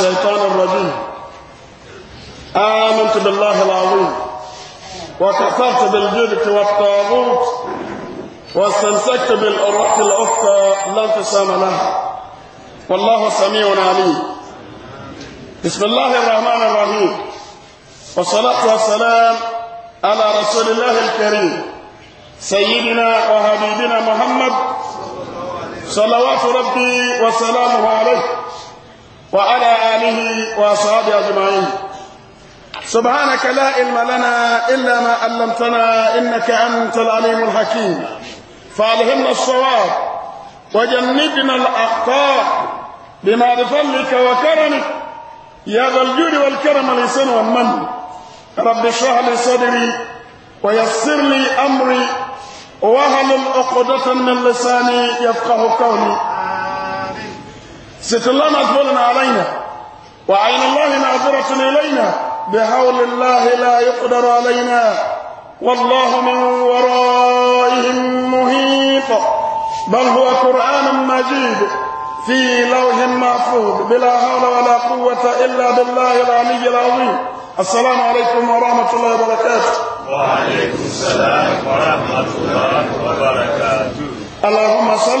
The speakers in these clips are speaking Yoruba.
الشيطان الرجيم آمنت بالله العظيم وكفرت بالجبت والطاغوت واستمسكت بالأروح الأخرى لا انقسام لها والله سميع عليم بسم الله الرحمن الرحيم والصلاة والسلام على رسول الله الكريم سيدنا وحبيبنا محمد صلوات ربي وسلامه عليه وعلى آله وأصحابه أجمعين سبحانك لا علم لنا إلا ما علمتنا إنك أنت العليم الحكيم فألهمنا الصواب وجنبنا الأخطاء بما بفضلك وكرمك يا ذا الجود والكرم والإحسان والمن رب اشرح لي صدري ويسر لي أمري وهل العقدة من لساني يفقه قولي ست الله مقبول علينا وعين الله معذرة إلينا بحول الله لا يقدر علينا والله من ورائهم مهيط بل هو قرآن مجيد في لوح محفوظ بلا حول ولا قوة إلا بالله العلي العظيم السلام عليكم ورحمة الله وبركاته وعليكم السلام ورحمة الله وبركاته اللهم صل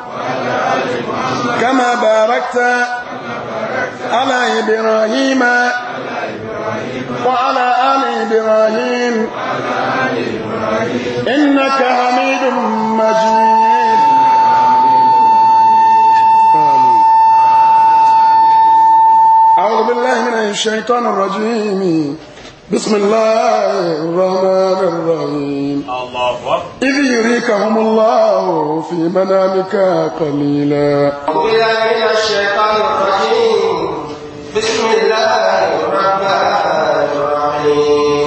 كما باركت على إبراهيم وعلى آل إبراهيم إنك حميد مجيد أعوذ بالله من الشيطان الرجيم بسم الله الرحمن الرحيم الله إذ يريكهم الله في منامك قليلا أعوذ من الشيطان الرجيم بسم الله الرحمن الرحيم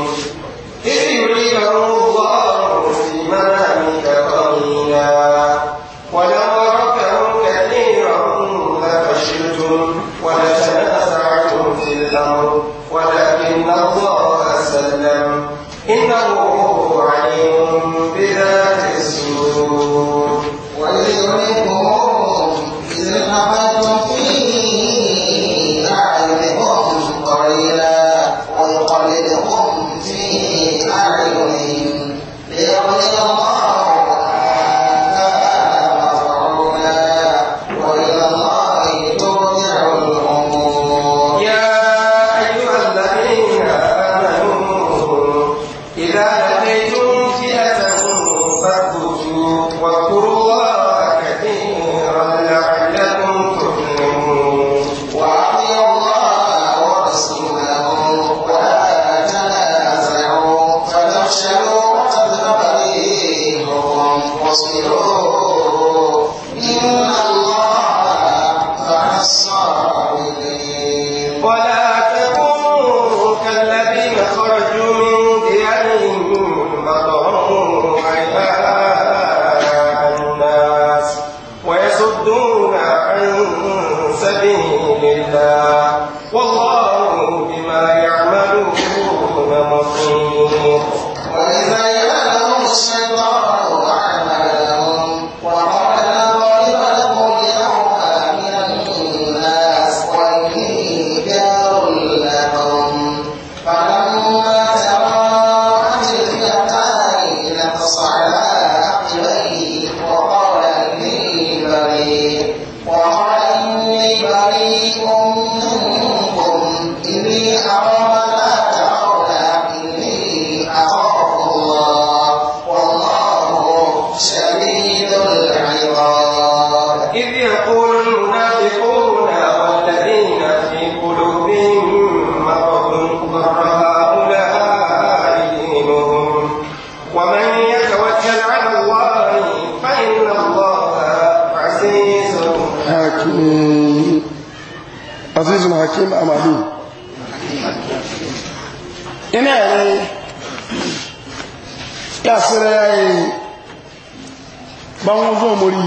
yasere bawon fún omori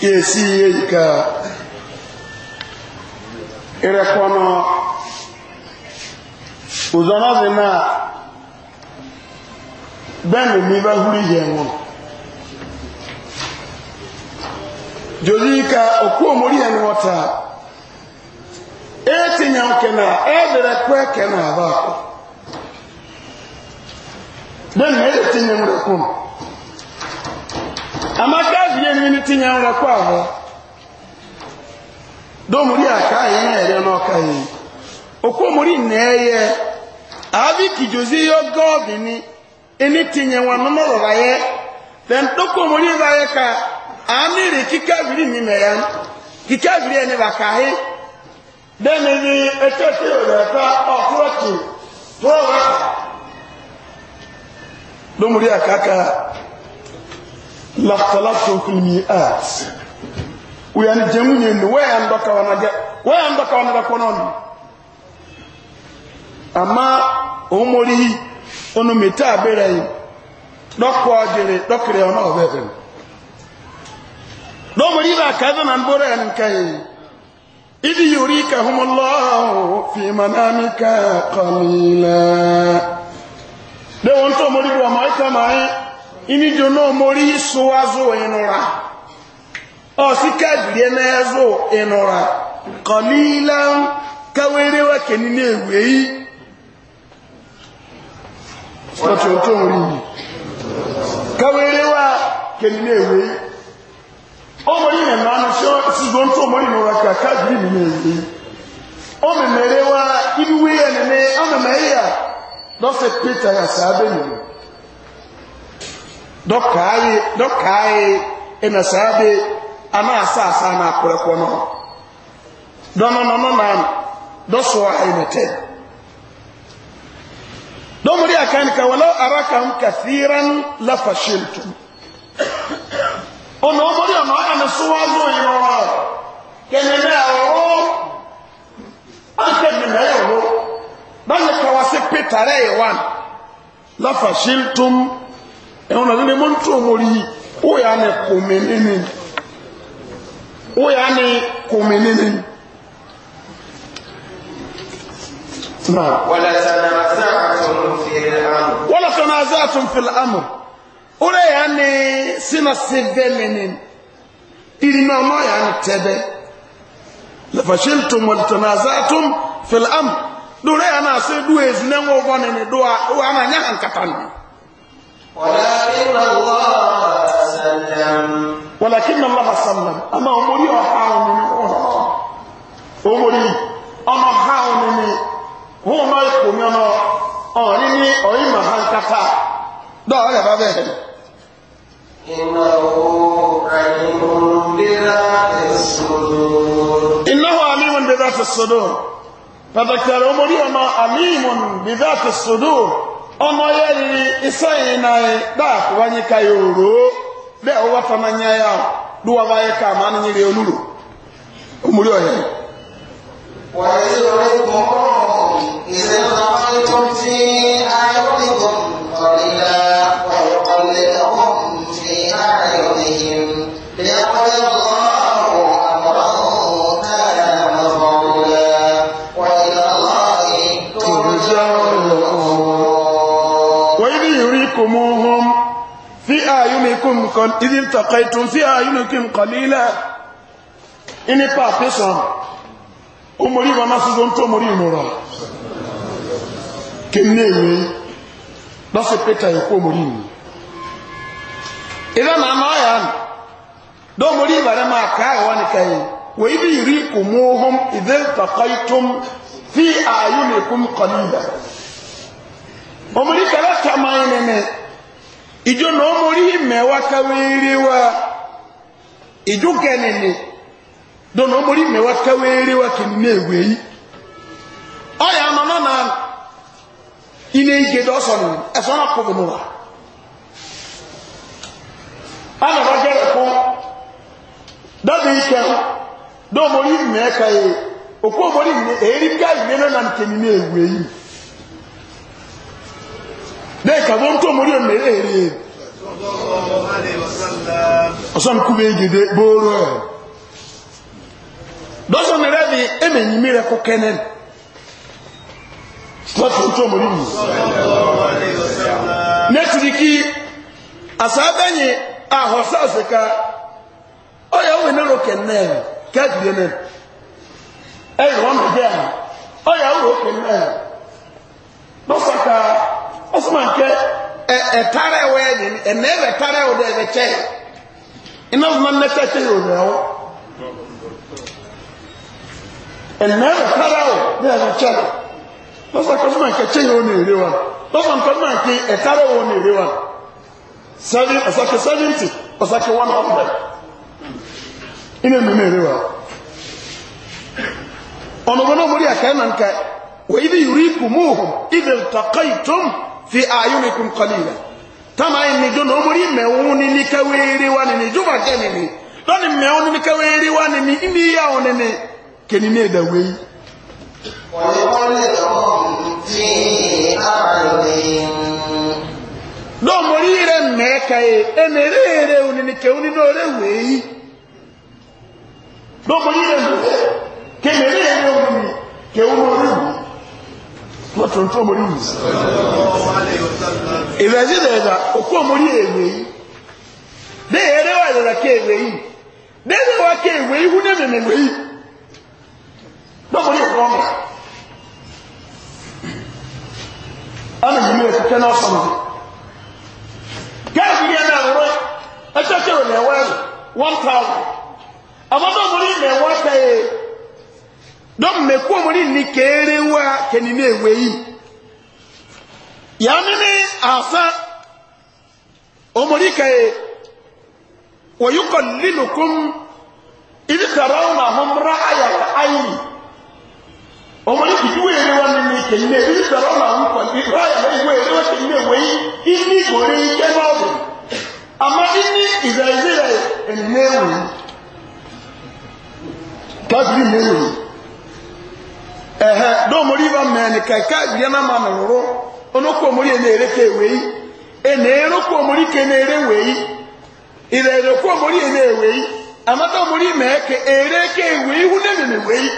ka eyika irekono uzonazi na bẹ́ẹ̀ni mi bá ihe yẹ wọn ka etinye nke na ebere kwe ke na aba akụ dị na etinye nrekwu m amaka zie nri tinye nrekwu ahụ domuri aka anyị na-ere n'ọka ya okwomuri na-eye abi kijozi ihe oge ọbi ni ịnị tinye nwa n'ụlọ ya then dokwomuri ba ya ka amiri kikabiri n'ime ya kikabiri ya n'ịba ka ahị dẹ́ni ni ẹjọ́ na ò rẹ̀ fẹ́ ọ̀fúrọ̀tì fúrọ̀rẹ̀ àkàkà lọ́tọ̀lọ́tọ̀kùnmí art wíyà ní jẹun ní ẹnu ń dọ́kà wọn ń dọ́kà wọn náà nù àmá òun mórí abẹ́rẹ́ yìí dọ́kọ̀ ọ̀jẹ̀rẹ̀ dọ́kẹ̀rẹ̀ ọ̀nà إذ يريكهم الله في منامك قليلا لو أنت مريد وما يتمعي إني جنو مري سوازو إنورا أو سكا جنازو إنورا قليلا كويري وكنيني وي Sọ́tí ọ̀tọ́ orí yìí, káwéré wá na oh, omori ne nanu sio sigo ntu ka no raka kadri ni nezi omemelewa ibiwe ya nene omemeya dose peter ya sabe ni dokai dokai ena sabe ama asasa na asa asa akoreko no dono no no na anyị na doso ainete domuri akanika ka arakahum kathiran lafashiltum ọ̀nà ọmọdé ọ̀nà ọ̀nà mi súnwájú ìrọ̀rọ̀ kẹ̀mẹ̀mẹ̀ ọ̀rọ̀ akẹ́mẹ̀mẹ̀ ọ̀rọ̀ báyìí kọ́wá sí pétarẹ́ ìwàn lọ́fà sí tún ẹ̀wọ̀n náà nílé mọ́ntú òmòrí ó yà á ní kòmí nínú ó yà á ní kòmí nínú. ولا تنازعتم في الأمر ore ya ni sina iri na ọmọ ya ni lafashin lafashintum na fil filam dore ya na se du ezi ne nwo vọ nini do a na ana nya hankata ni walakin allah allah sallam ama omori ọha oni omori ọmọ ha oni ni hu ma e ko mi ọmọ ọ ni ni dɔw a bɛ ka ba bɛ hɛrɛ. إنه عليم بذات الصدور فذكر أمريما عليم بذات الصدور ọmọ yẹ riri isẹ́yìn náà dáàkù wáyé ka yòòrò bẹ́ẹ̀ ọwọ́ fama nyá yá o ló wà báyé ká máa ń yiri olúro òmùrí ọ̀yẹ́. wàá yẹ lórí kọ́ náà tó ti ayé. قومكم قل إذ التقيتم في أعينكم قليلا إني بابسون أمري وما سيزون تمري نورا كمني لسي بيتا يكو مريني إذا ما نايان دو مري برما كاي وانكاي وإذ يريكموهم إذ التقيتم في أعينكم قليلا أمري كلا كما ينمي ijo na omori mewa kawiriwa ijo kenene do na omori mewa kawiriwa kenene eweyi oya no na na ine ike do so ni e so na kubu no wa ana ba jere ko do bi ike do omori me kai okwo omori eri e ga ime no na kenene eweyi bẹ́ẹ̀ kàbọ́ ń tó mere ọ̀mẹ́rẹ́ èrè ọ̀sọ́nkúbẹ̀ ìgèdè bóòrò ẹ̀ lọ́sọ̀ mẹ́rẹ́ ni ẹ̀mẹ̀yìn mẹ́rẹ́ kọ́ kẹ́nẹ́n lọ́sọ̀ tó mọ́rí mi nẹ́tìrì kí àsábẹ́yìn àhọ̀sáàsì ká ọ̀yọ̀ òwe nẹ́rọ kẹ́nẹ́n kẹ́kìrì ẹ̀nẹ́n ọsùnmọ̀ nkẹ́ ẹ̀tara e, e ẹ̀wọ̀ ẹ̀yẹ ni ẹ̀nà ẹ̀bẹ̀ tara ẹ̀wọ̀ dẹ̀ ẹ̀bẹ̀ kyẹ́ iná ọ̀sùnmọ̀ nnẹ́kẹ́ kyẹ́ yóò rẹ̀ ọ́ ẹ̀nà ẹ̀bẹ̀ tara ẹ̀wọ̀ dẹ̀ ẹ̀bẹ̀ kyẹ́ lọ́sọ̀kọ́sùnmọ̀ nkẹ́ kyẹ́ yóò nà èrè wa lọ́sọ̀kọ́sùnmọ̀ nkẹ́ ẹ̀tara e ẹ̀wọ̀ nà èrè wa seven ọ̀sàkẹ́ seventy ọ̀sàkẹ́ one hundred iná ẹ̀mí nà èrè wa ọ̀nà ọ̀gbọ́n náà mo nà nkà wọ́n ibi yìí rí kùmù hù ibi ìtàkà ìtọ́mù fi ayunikum qalila tama yin ni dono muri me ni kawere wa ni juba gani ni doni me woni ni kawere wa ni imi ya oni ni keni me da we do muri re me kai enere re oni ni ke oni do re we do muri re me ke me re oni ke oni re we lọ́tọ̀ tó mọ̀ ní yìí ìrẹsì lẹ́ẹ̀dà òkú ọmọ ní èwè yìí ní èrè wà lọ́la kí èwè yìí ní èrè wà kí èwè yìí húnẹ́ mẹ̀mẹ̀mẹ̀ yìí lọ́kọ̀ ní òkú ọmọ ọmọ yìí lè fẹ́ gáàsì yẹn náà rẹ ẹjọ́ kẹrò lẹ́wọ́ ẹ̀rọ one thousand àwọn ọmọ ọmọ ní ìlẹ̀wọ́ dɔm mɛkuo mu ni ni keere wa kɛni ne ewe yi yanni asa omori kaye wɔyi kɔ lilu kum ibi taraw na ka ra'aya ayi omori kiti weere wa ni ni kɛni ne ibi taraw na hom kɔni ra'aya ayi weere wa kɛni ne ewe yi ini gore yi kɛ n'ɔbɔ ama ini izayizira ɛnɛ ewe yi kasi bi ne Ehe dɔw mori ba mɛni kɛkɛ diɛna ma nɔrɔ ɔno ko mori yɛ e n'ere ke wei ɛnɛɛrɛ e ko mori ke n'ere wei ìrɛ̀rẹ̀ ko mori yɛ e n'ere wei amata mori mɛ ke ere ke wei hu ne nene wei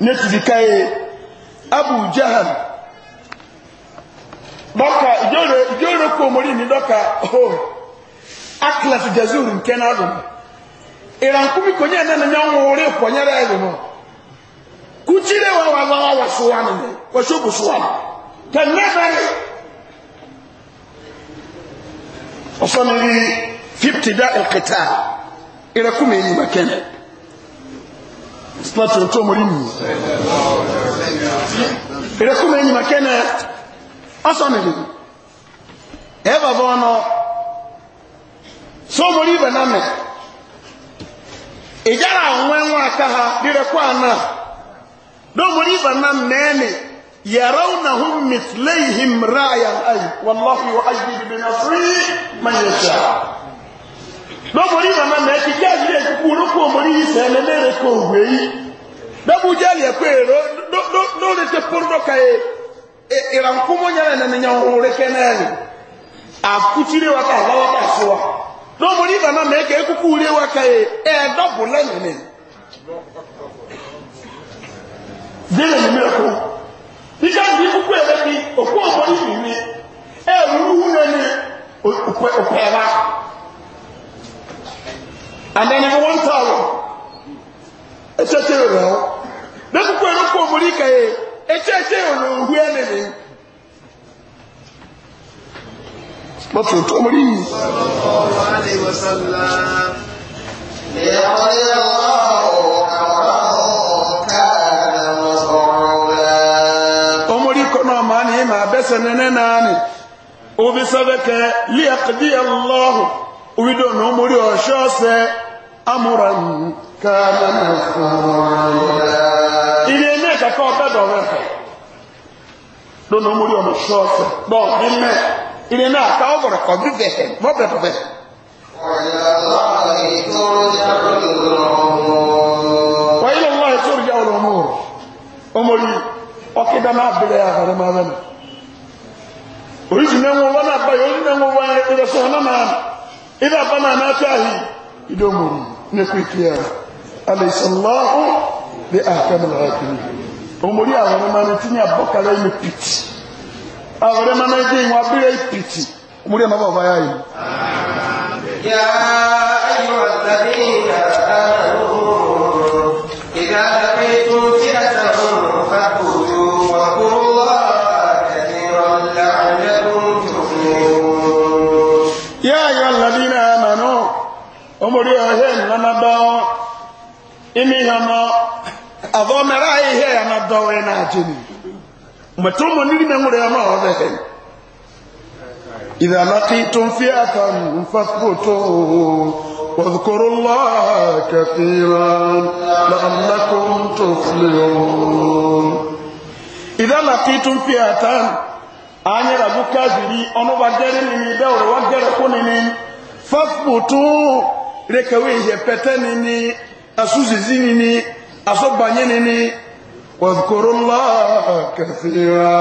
ne tiri ka ye abu jahal dɔka ìjọ́rẹ̀ ìjọ́rẹ̀ ko mori mi dɔka o akilas jazuru nkɛ na do ìrànkúmi kò nyɛ na nyɛ ń wúri kò nyɛ kutire wa wa wa wa sowa ne wa shobu sowa ne ka nebere ɔsɔne bi fifty da ɛkita ɛrɛ kuma eyi ma kɛn sinatsi o tó mo ri kuma eyi ma kɛn ɔsɔne ha دومري بنا ماني يرونهم مثليهم رأي العين والله يؤيد بنصره من يشاء دومري بنا ماني جاهل يقولوا كومري سنة لكوهي دابو جاهل يقولوا دولة تفرنا كاي ìrànkúmọ́ nyẹ́rẹ̀ nẹ́ni nyẹ́ ọ̀hún rẹ́kẹ́ náà ni àkútúrẹ́ wa ká àbáwọ́ ká sí wa lọ́mọdé bàmá mẹ́kẹ́ kúkú rẹ́ wa ká yẹ ẹ̀ẹ́dọ́bù lẹ́yìn ni dèrè ní mẹ́kọ́ iṣẹ́ ìdí púpọ̀ ẹ̀rẹ́ ni òkú ọ̀pọ̀ nínú ìwé ẹ̀rù wúwo ní òkú ẹ̀rá àdẹ́ni wọ́n ń tọrọ ẹ̀ṣẹ́ tí ó rẹ̀ ọ́ lẹ́kùnkùn ẹ̀rọ kú ọ̀pọ̀ níkà yẹ ẹ̀ṣẹ́ tí ó rẹ̀ òhú ẹ̀ nìyí mọ́tò tó mú rí yìí. Ìyàwó yẹ wá ọ̀ sɛnɛnɛ naani o bi sɛbɛ kɛ liyakidi allahu o bi dɔn na omori ɔsɔ sɛ amura kaana na fɔɔra. ilé ne kaka ɔbɛ dɔn bɛ fɛ dɔn na omori ɔmɔ sɔ sɛ bɔn bi mɛ ilé ne oríṣìí ẹwọ wọn náà báyìí oríṣìí ẹwọ wọn ìrọsọ ọ̀nà náà ilé àbámà náà tí a yìí ìdómòrò nípa ìkíyà alẹ́sọ̀láhù lé àkàmìlà àkìlì òmòrí àwọn ọmọ ní tí ní àbọ́kàlẹ̀ ní pìtì àwọn ọmọ pìtì imi hano avomera ihe ya na dowe na ajini mwetumu nili mengure ya mao zehe إذا لقيتم فئة فاثبتوا واذكروا الله كثيرا لعلكم تفلحون إذا لقيتم فئة أن يرغب كافري أن وجر من دور وجر كنين فاثبتوا ركويه بتنيني asuzizi nini asọgbanye nini واذكروا الله كثيرا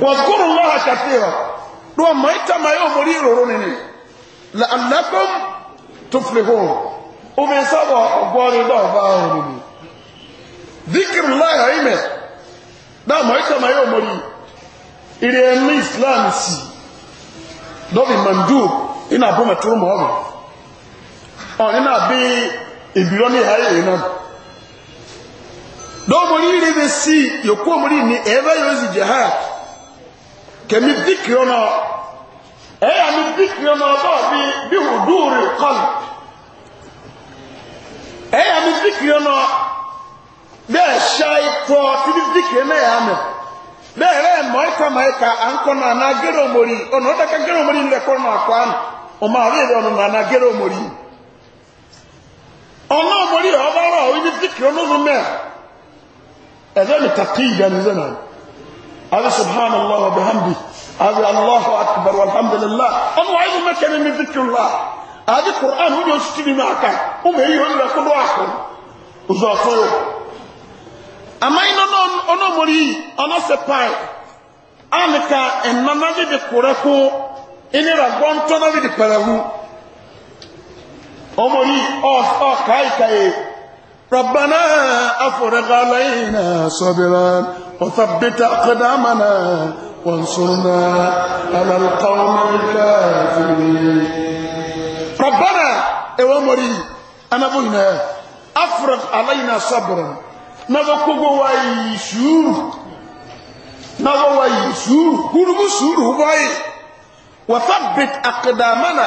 واذكروا الله كثيرا لو ما يتما يوم ريرونني لأنكم تفلحون ومن سبع أبواري ضعفاهم ذكر الله عيمة لا ما يتما يوم ري إلي أن الإسلام سي دوبي مندوب إن أبو متروم هذا ọ̀rin náà bí ìbìrọ́ ní na èyí náà dọ́ọ̀mù sí yòókù òmùrí ní ẹ̀rẹ́ ha kẹ̀mí dìkì ọ̀nà ẹ̀yà mi dìkì ọ̀nà ọ̀dọ́ bí bí òdú rí kọ́lù ẹ̀yà mi dìkì ọ̀nà bẹ́ẹ̀ ṣá ikọ̀ tí bí dìkì ọ̀nà ẹ̀yà na bẹ́ẹ̀ rẹ̀ mọ́ ka à ń kọ́ náà ná gẹ́rẹ́ ọ̀nà gẹ́rẹ́ ń lẹ́kọ́ náà ọ̀nà ọmọdé ọ̀bọ̀rọ̀ ibi fíkìrì olóòrùn mẹ́à ẹ̀rẹ́ mi azẹ́ wa azẹ́ alhamdulillah ọmọ mẹ́kẹ́ mi fíkìrì la azẹ́ quran ó ní oṣù tí mi máa ka ó mẹ́ yìí ọ̀nà kúndú àkọ́ ọ̀zọ́ ọ̀fọ́rọ̀ àmọ́ iná ọ̀nà ọmọdé yìí ọ̀nà ṣe páì àmì ka ọmọrí ọ̀ká ìkàyè ربنا أفرغ علينا صبرا وثبت أقدامنا وانصرنا على القوم الكافرين ربنا أمري أنا بوينا أفرغ علينا صبرا نذكوكو ويشور نذكوكو ويشور كنبو سور هباي وثبت أقدامنا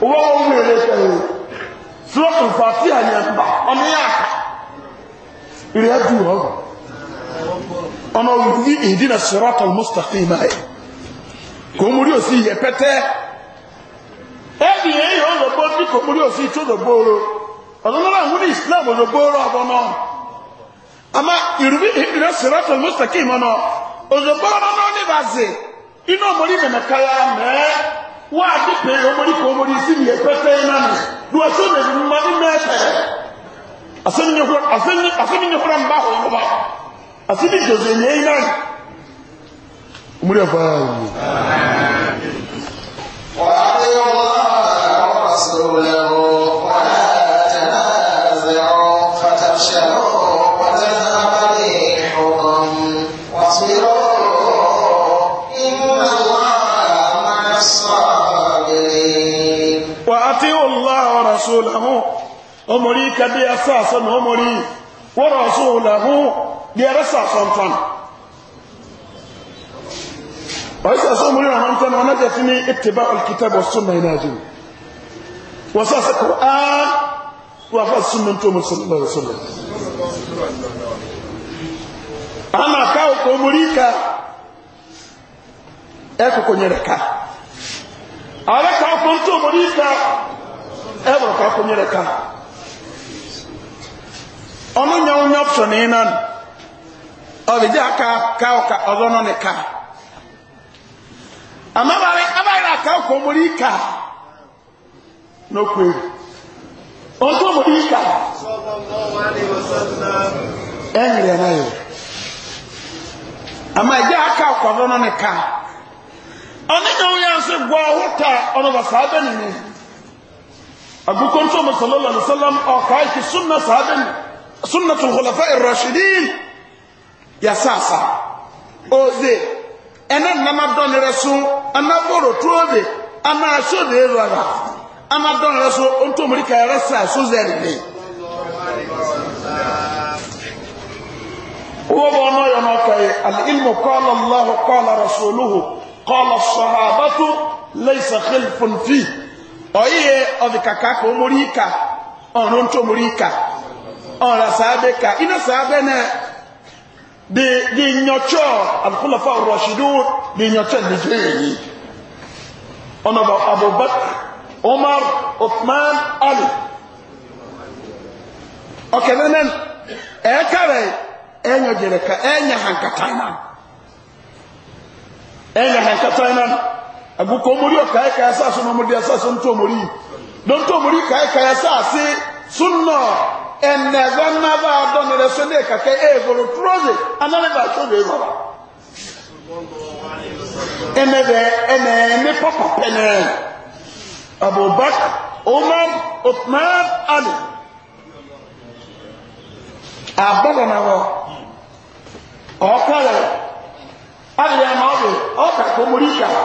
owó wọn mú ilé sẹ́yìn sọ́ọ̀tù fàtí àyẹ̀mbà ọmọ yà ká ìrìn àjò ọ̀rọ̀ ọmọ òwúrí ìdínà sọ́rọ̀tọ̀ mustapha imáyé kò múrí òsì yẹ pẹ́tẹ́ ẹbí èyí ọ̀rọ̀gbó tí kò múrí òsì tó dògbòrò ọ̀dọ́lọ́rọ̀ àwọn ní islam òdògbòrò ọ̀bọ̀ náà àmà ìrùbí ìdínà sọ́rọ̀tọ̀ mustapha imáyé òdògbòrò náà ní bàzẹ̀ inú ọmọ wọ́n àti pé omori kò omori sí mi ẹ̀pẹ́pẹ́ iná mi ní wọ́n sọ́nà ìlú mọ́ ní mẹ́ẹ̀tẹ̀rẹ̀ asẹ́nìyàn bá hàn mọ́ bá asẹ́nì jòzè ní iná mi omori ẹ̀fà yìí wọ́n àti ọmọ náà wọ́n sọ́rọ̀ ورسوله أمري كبي أساسا أمري ورسوله ليرسى صنطان وإذا أمرنا أنتم ونجتني اتباع الكتاب والسنة يناجم وساس القرآن وفاس السنة أنتم صلى الله عليه وسلم أنا كاوك أمريكا أكو كنيركا أنا كاوك أنتم أمريكا ɛbɔ kɔ akɔnyɛrɛ ka ɔno nyɛ onyɛ option yi nan aka ka ɔka ɔdɔ no ne ka e aka ụka ɔmɔri ịka n'okwe ɔnso ɔmɔri ka ɛnyɛrɛ n'ayɛ ama ɛgye aka ɔkɔ ɔdɔ no ne ka ɔno nyɛ nso ta أقول صلى الله عليه وسلم أقايك سنة صحابين سنة الخلفاء الراشدين يا ساسا أوزي أنا نما دون رسول أنا بورو توزي أنا أشو دي روانا أنا دون رسول أنتو مريكا يا رسول سوزير بي هو بانا يناكي العلم قال الله قال رسوله قال الصحابة ليس خلف فيه oyiye ovikaka ka omorika ọrụn ntụ omorika ọra saabe ka ina saabe na di di nyọchọ alukulafa rọshidu di nyọchọ nigeria ọnọdụ abubakar umar uthman ali ọkẹlẹnẹn ẹẹkẹrẹ ẹnyọ jẹrẹ ka ẹnyẹ e hankata náà ẹnyẹ e hankata náà. aguko omori ọkàyẹ kàyẹ sá sọ n'omori ẹsẹ sọ ntọ omori dọntọ omori kàyẹ kàyẹ sá sí súnà ẹnẹgbẹ nàbà dọnìrẹ sọ ní kàkẹ èèvòrò trọsì anárẹgbà tó lè rọra ẹnẹgbẹ ẹnẹẹmí pọpọ pẹnẹ abubakar umar uthman ali abọlọnàwọ ọkọlẹ alẹ àmọ ọbẹ ọkà kọmọrí kàwé.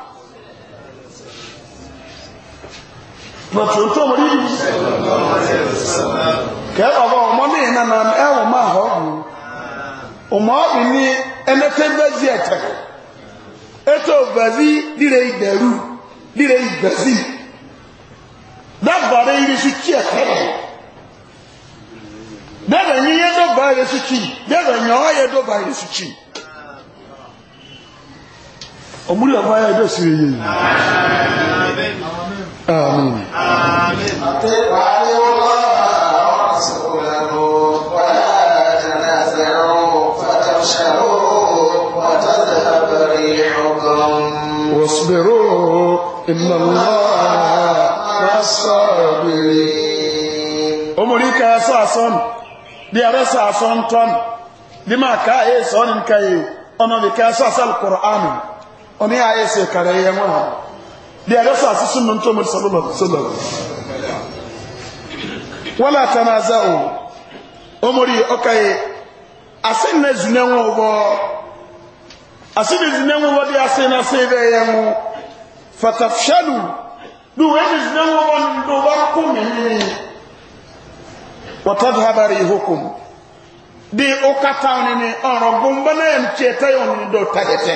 na tó tó mọ̀ níbi kẹ́ẹ̀bà bá ọmọ ní ìnà na ẹwọ̀n máa họ́ ọ̀hún ọmọ ọ̀bì ní ẹnẹ́tẹ́ bẹ́zí ẹ̀tẹ̀ ètò bẹ̀zí líre ìdẹ̀rú líre ìgbẹ̀zí dábàárẹ̀ irisí kí ẹ̀kẹ́ rẹ̀ dẹ́rẹ̀ yín yé dọ́bà irisí kí dẹ́rẹ̀ yàn ọ́ yẹ dọ́bà irisí kí ọmúlẹ̀ ọmọ ayé ẹ̀dọ́ sí iye yìí. آمين آمين وأطيعوا الله ورسوله ولا تنازعوا فتفشلوا وتذهب ريحكم واصبروا إن الله مع الصابرين أمريكا أساسا دي أرسا أسانتون دي ما كاي سونين كاي أنا بكاسا القرآن أنا أيسي كريم وهم di ẹ̀rọ sọ àti súnmọ́ tó mọ̀ sọ́lọ́ sọ́lọ́ wọ́n láta náà zá o ọmọrí ọkà yìí wọn di asẹ́ nà sẹ́ bẹ́ yẹ mu fatafṣalu bí wọ́n nà zùnẹ́ wọn bọ́ nínú wọn kú di ọkà táwọn ní ọ̀rọ̀ gbọ́ngbọ́n náà ń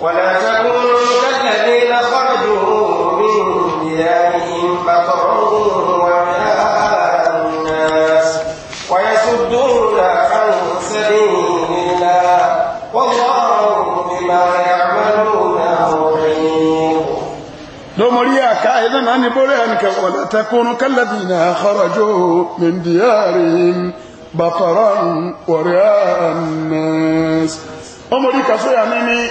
ولا تكونوا كالذين خرجوا من ديارهم بطرا ورئاء الناس عن سبيل الله والله بما يعملون أن ولا تكونوا كالذين خرجوا من ديارهم بطرا ورئاء الناس أمريكا سيعني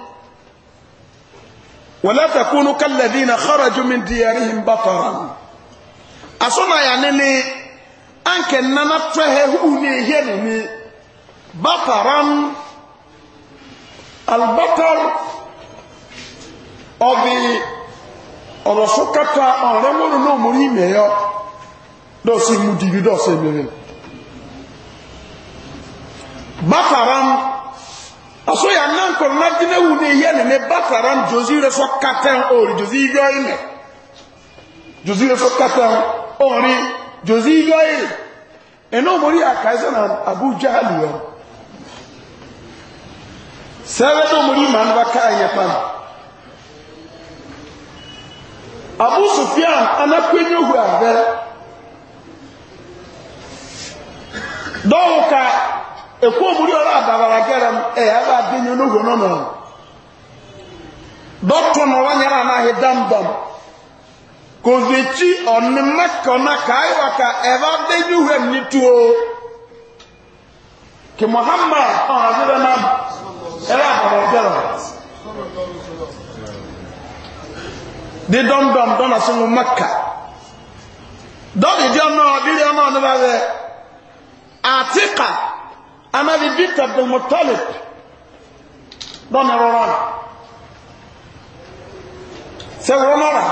ولا تكونوا كالذين خرجوا من ديارهم بطرا أصنع يعني لي أنك ننا تههوني هنني بطرا البطر أبي ọ̀rọ̀ sókàtà ọ̀rẹ́ mọ́rù náà mú rí mẹ́yọ́ lọ́sí mú dìbí lọ́sẹ̀ mẹ́rin bátàrán aso ya nan ko madina wu ne ye ne bataran jozi re so katan ori jozi yo ile jozi re so katan ori jozi yo ile eno mori akaisa na abu jahal yo sebe no mori man ba ka ye pan abu sufyan anakwenyo hu abe dɔw ka ekwu omuri ọrụ ababara gịra m ee ebe adịnye n'ugwu n'ụlọ dọtụ na ụwa nyere anaghị dandam kozechi ọnụmakọna ka ịwa ka ebe adịnye uwe m nituo ki muhammad ọhaziri na ebe abara gịra dị dandam dọ na sọnwụ maka dọdị dị ọnụ ọdịrị ọnụ ọdịrị atịka. ama bi bint abdulmutalib dɔmi rɔrɔ la sɛ wɔmɔra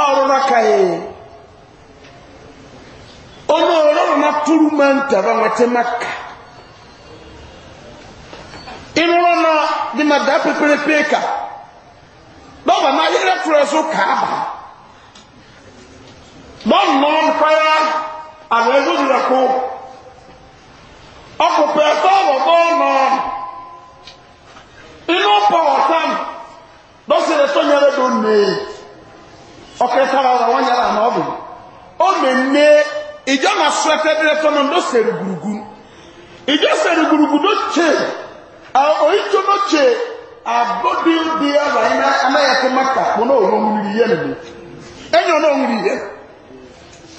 ɔrɔra ka ye ɔmɔ rɔrɔ ma turu ma n taba ŋa te ma ka inura na di ma da peperepe ka dɔba ma yɛrɛ tura so kaa ba dɔn nɔn paya. àwọn ẹlòmíràn kó ọkùnfẹ́ ẹ̀fọ́ ọ̀wọ̀gbọ́ ọ̀nà inú pọ̀ ọ̀tán lọ́sẹ̀rẹ̀ tó nyẹrẹ tó nyere ọkẹ́ sára ọ̀rọ̀ wọn yára àmọ́ ọ̀bùn ó lè nè ìjọ náà sọ ẹ̀kẹ́dẹ́rẹ́ tọ́nà ló sẹ̀rẹ̀ gbùrùgbù sẹ̀rẹ̀ gbùrùgbù ló tó ló bí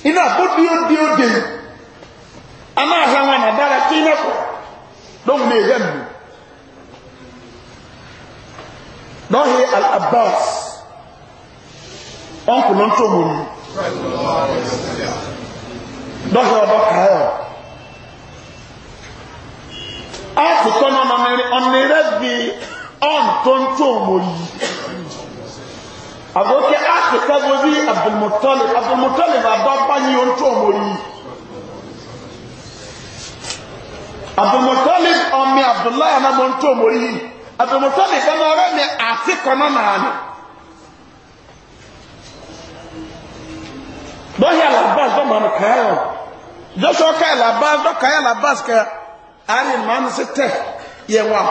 iná kó díó díó dé a máa ha wọn àdára tí iná kọ lóhun lè yẹ mú lọ́hìn al-abbas ọ̀nkù ló ń tó mú ní lọ́hìn ọ̀dọ́ kàáyọ̀ a ti tọ́nà ọmọ mẹ́rin ọmọ mẹ́rin bí ọ̀n tó ń tó mú yìí aboki akita bobi abdulmutali abdulmutali baba banyi ontu omori abdulmutali ọmi abdullahi anabo ontu omori abdulmutali bẹni ọrẹ mi ati kọnọ naani dọhi alabas dọ maami kaayọ joshua kaayọ alabas dọ kaayọ alabas kẹ ari maami si tẹ yẹ wa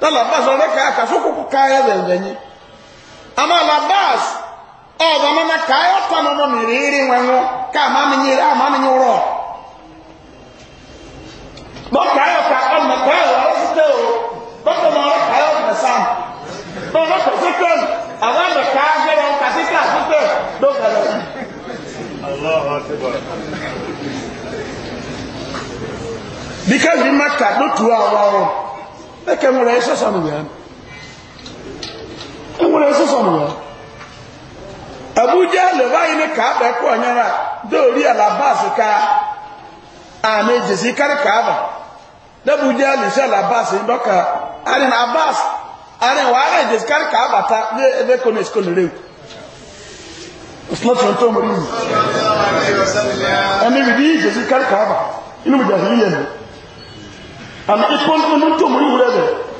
dọ alabas ọrẹ kaayọ kafo koko kaayọ bẹnbẹnyi ama labas ọba mama ka ayọ tọ nọ nọ mìrìrì nwẹwọ ka ama mi nyere ama mi nyere ọ bọta ayọ ka ọmọ ka ayọ ọrọ site o bọta ma ọrọ ka ayọ ọmọ sam bọta ka site m àwọn ọmọ ka ayọ ọrọ ka site asite do gbẹdọ. because bí mata ló tu àwọn ọrọ ẹ kẹ́ ń wọlé ẹ sọ́sọ́ nìyẹn nwere nsụsọ nwụọ abuja levine ka abịa kụọ nyara dori alabas ka a na-ejesi karị ka aba dabuja lesi alabas ndọka arị na abas arị wa ara ejesi karị ka abata ebe kọ na-esikọ na rewu ọsọtọ ntọ mọrọ iwu ẹni bìbí ejesi karị ka aba inú mujahiliya ni àmì ìpọ́nkú ntọ mọrọ iwu rẹ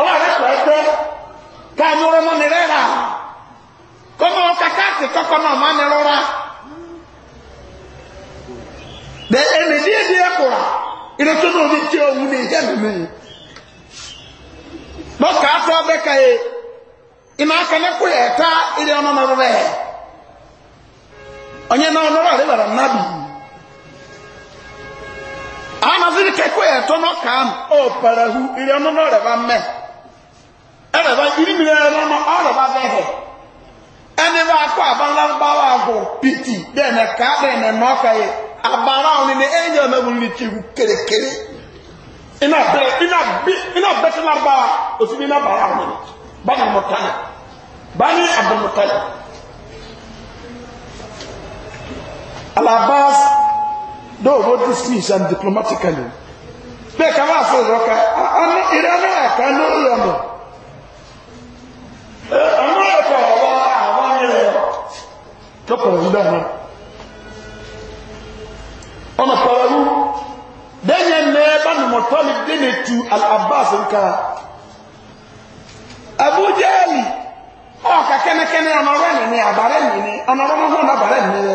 ọlọ́rẹ́ pẹ̀lú káàmì ọlọ́mọ ni rẹ́ra kọ́mọ kàkàtì kọ́kọ́ náà má ni rọra de ẹni díẹ̀ díẹ̀ kura ìrètò náà ní tí òun ní ìyá mi mẹ́rin bọ́kà afọ bẹ́ ka yẹ ìmọ̀ akẹ́ni kú yẹ ẹ̀ta ìdí ọmọ mẹ́rin bẹ́ẹ̀ ọ̀nyẹ́ náà ọlọ́rọ̀ àdébàdàn nábì yìí. amaziri kekwe ẹtọ n'ọka m ọ para hu iri ọnụ n'ọrịba mme ẹrịba iri mmiri ẹrọ nọ ọrịba bẹhẹ ẹni bá akọ abanlábáwá ahụ piti dẹnẹ ká dẹnẹ n'ọka yẹ abara ọni ni ẹnyẹ ọmọ ewu ni tìrù kérékéré ina bẹ ina bi ina ni ni though not discreet and diplomatically bẹ́ẹ̀ ká máa fún ìrọ́ka ìrẹ́nà ẹ̀ka ló ń lọ́nà àwọn ẹ̀kọ́ ọ̀wọ́ àwọn ẹ̀rọ tó kọ̀ ń dáná ọmọ pàrọ̀rú dẹ́yẹ mẹ́ẹ̀bá nù mọ̀tọ́lì dínì tu al-abbas nka abuja ali ọ̀ka oh, kẹ́nẹ́kẹ́nẹ́ ọ̀nà ọ̀rọ̀ ẹ̀nìní àbárẹ̀ ẹ̀nìní ọ̀nà ọ̀rọ̀ ọ̀nà ọ̀nà àbárẹ̀ ẹ̀nìní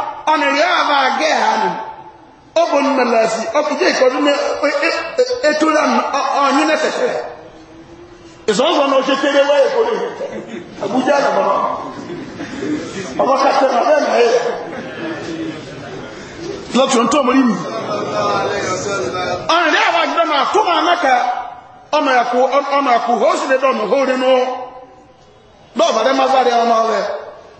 ọ̀nà rí àbá agẹ́ hànú ó bọ̀ nínú lásì ọkùnjẹ́ ìkọ̀dú ní ètò ọ̀nyí ní tẹ̀tẹ̀ ìsọ́nsọ́ náà ṣe kéré wáyé kó lè àbújá àgbọ̀nà ọmọ kàtẹ́ màbẹ́ màáyé lọ́tún tó mọ̀ nínú ọ̀nà rí àbá agẹ́ máa tó máa mẹ́ka ọmọ ẹ̀kú ọmọ lè nù lọ́ọ̀bà dẹ́ ọmọ rẹ̀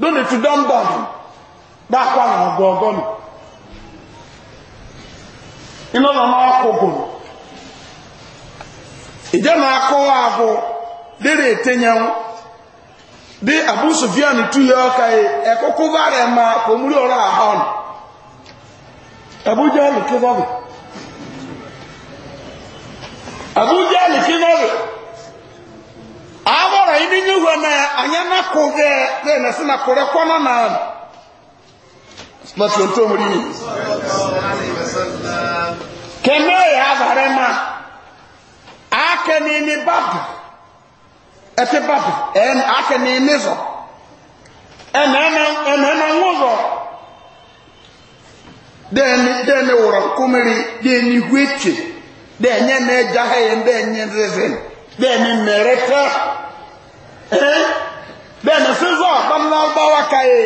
lónìí tí dọ́ńbọ̀ mi bá kọ́ àwọn ọgọ́ ọgọ́ mi iná lọ́nà ọkọ̀ gùn ìjẹ́ máa kọ́ wá àbò léèrè ètènyẹun bí àbúsùfíà ní túyẹ ọkà ẹ̀kọ́kọ́ bá rẹ̀ máa kò múrí ọ̀rọ̀ àhọ́nù awara imi nyuwa na anyana kove na sina na Slati onto muri ya zarema ake a ni babu ete babu en ake ni nizo en en en en ngozo den den wora kumiri den ni hweche na bẹ́ẹ̀ ni mẹ̀rẹ́ tẹ́ ẹ́ bẹ́ẹ̀ ni sísọ bámúnáwá káyé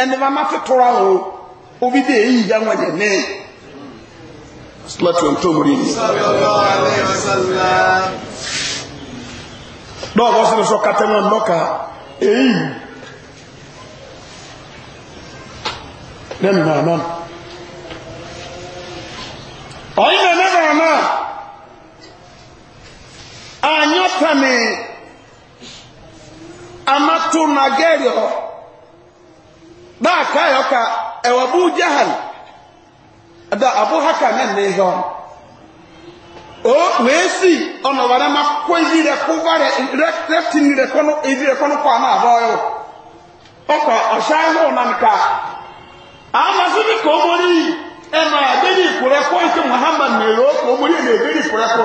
ẹni bá má ti tóra o obi dé èyí ìyá wọn yẹn ní. Sọlọ́tì ọ̀tọ́ mọ̀rí ni. Dọ́ọ̀ bọ́ sọ́dọ̀ sọ èyí. Lẹ́nu náà náà. Ọ̀yin náà náà náà. anyatami amatu nagerio baaka yoka ewa bu jahal da abu haka ne ne hɔ o weesi ɔna wɛrɛ ma kɔ evi rɛ kó va rɛ rɛ rɛ ti ni rɛ kɔnɔ evi rɛ kɔnɔ kɔ ana abɔ yɛ o ɔkɔ ɔhyɛ ahorow nam ka ama so bi kɔ omori ɛna ebedi ikurɛ kɔ nti muhammad na eyo kɔ omori na ebedi ikurɛ kɔ.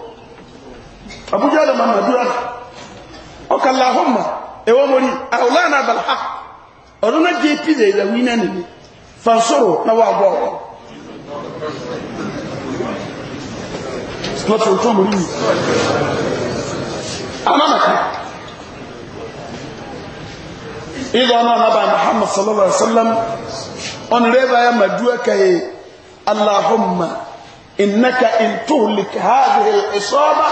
ابو jọ́lọ ma madura ọkà lahọ́mà ẹwọ́ mọ́rí àwọn aláàbàlá ọdún إذا أنا نبع محمد صلى الله عليه اللهم إنك إن تهلك هذه الإصابة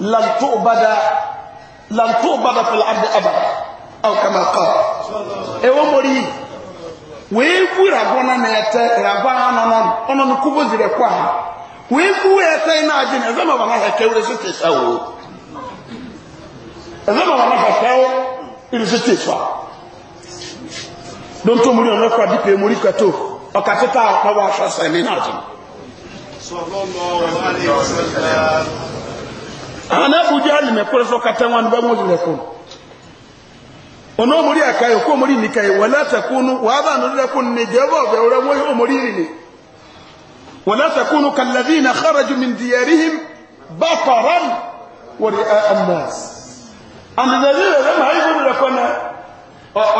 لن تعبد لن تعبد في الأرض أبدا أو كما قال ewo mori wee kwu iragwọ na na-ete iragwọ ha nọ n'ọnụ ọnụ n'ukwubo ziri ekwe ha wee kwu ete na adị na eze ma ọbara heke were site ịsa wo eze ma ọbara heke were site ịsa donto mori ọnụ ekwa dịpa emori kato ọkatịta ọkpawa afọ sani na adị. sọlọ lọ wa alaihi wasallam àwọn abuja alimẹ̀kúrẹ́ sọ kata wọn bá wọn lulẹ̀ fún ọ̀nà omori àka yìí kó omori nìka yìí wọlé àtẹkùnú wàá bá nulẹ̀ fún ní jẹ́wọ́ ọ̀bẹ̀ wọlé wọ́n omori yìí ni wọlé àtẹkùnú kàlẹ́dí iná xaraju mi dìyẹ̀rí him bá faran wọlé anas. àndìdàdì rẹ̀ rẹ̀ máa yí fún lulẹ̀ fún náà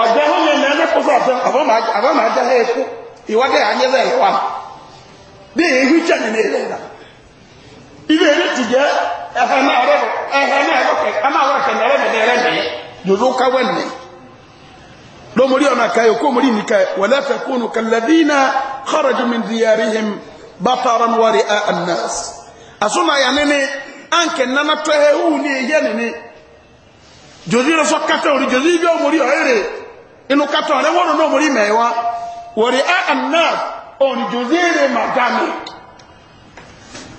ọ̀jẹ̀ hún yẹn lẹ́nu kó sọ àfẹ́ àbọ̀ máa jẹ́ ẹ̀ kú ìwádìí àyẹ̀fẹ́ ìwà bí èyí hìjẹ́ nínú ilé rẹ̀ ilé ẹ̀hẹ̀ náà rẹ̀ ẹ̀hẹ̀ náà rẹ̀ kẹ̀ ẹ̀má wọ́n kẹ̀ nẹ̀rẹ̀ nẹ̀rẹ̀ rẹ̀ nẹ̀ yòzó káwẹ́ nẹ̀ lomori ọ̀nà kayọ̀ kó mori nìkẹ́ wọlé fẹ́ kúnnù kẹlẹ́dínà kọ́rọ̀jú mi diyarihim bataran wari a annas asoma ya nini an hù ní eyé nini jòzí rẹ sọ kátó rí jòzí bí ọmọrí ọ̀ẹ́rẹ̀ inú kátó rẹ wọ́n nínú ọmọrí mẹ́wàá wari a annas òní jòzí rẹ màgámi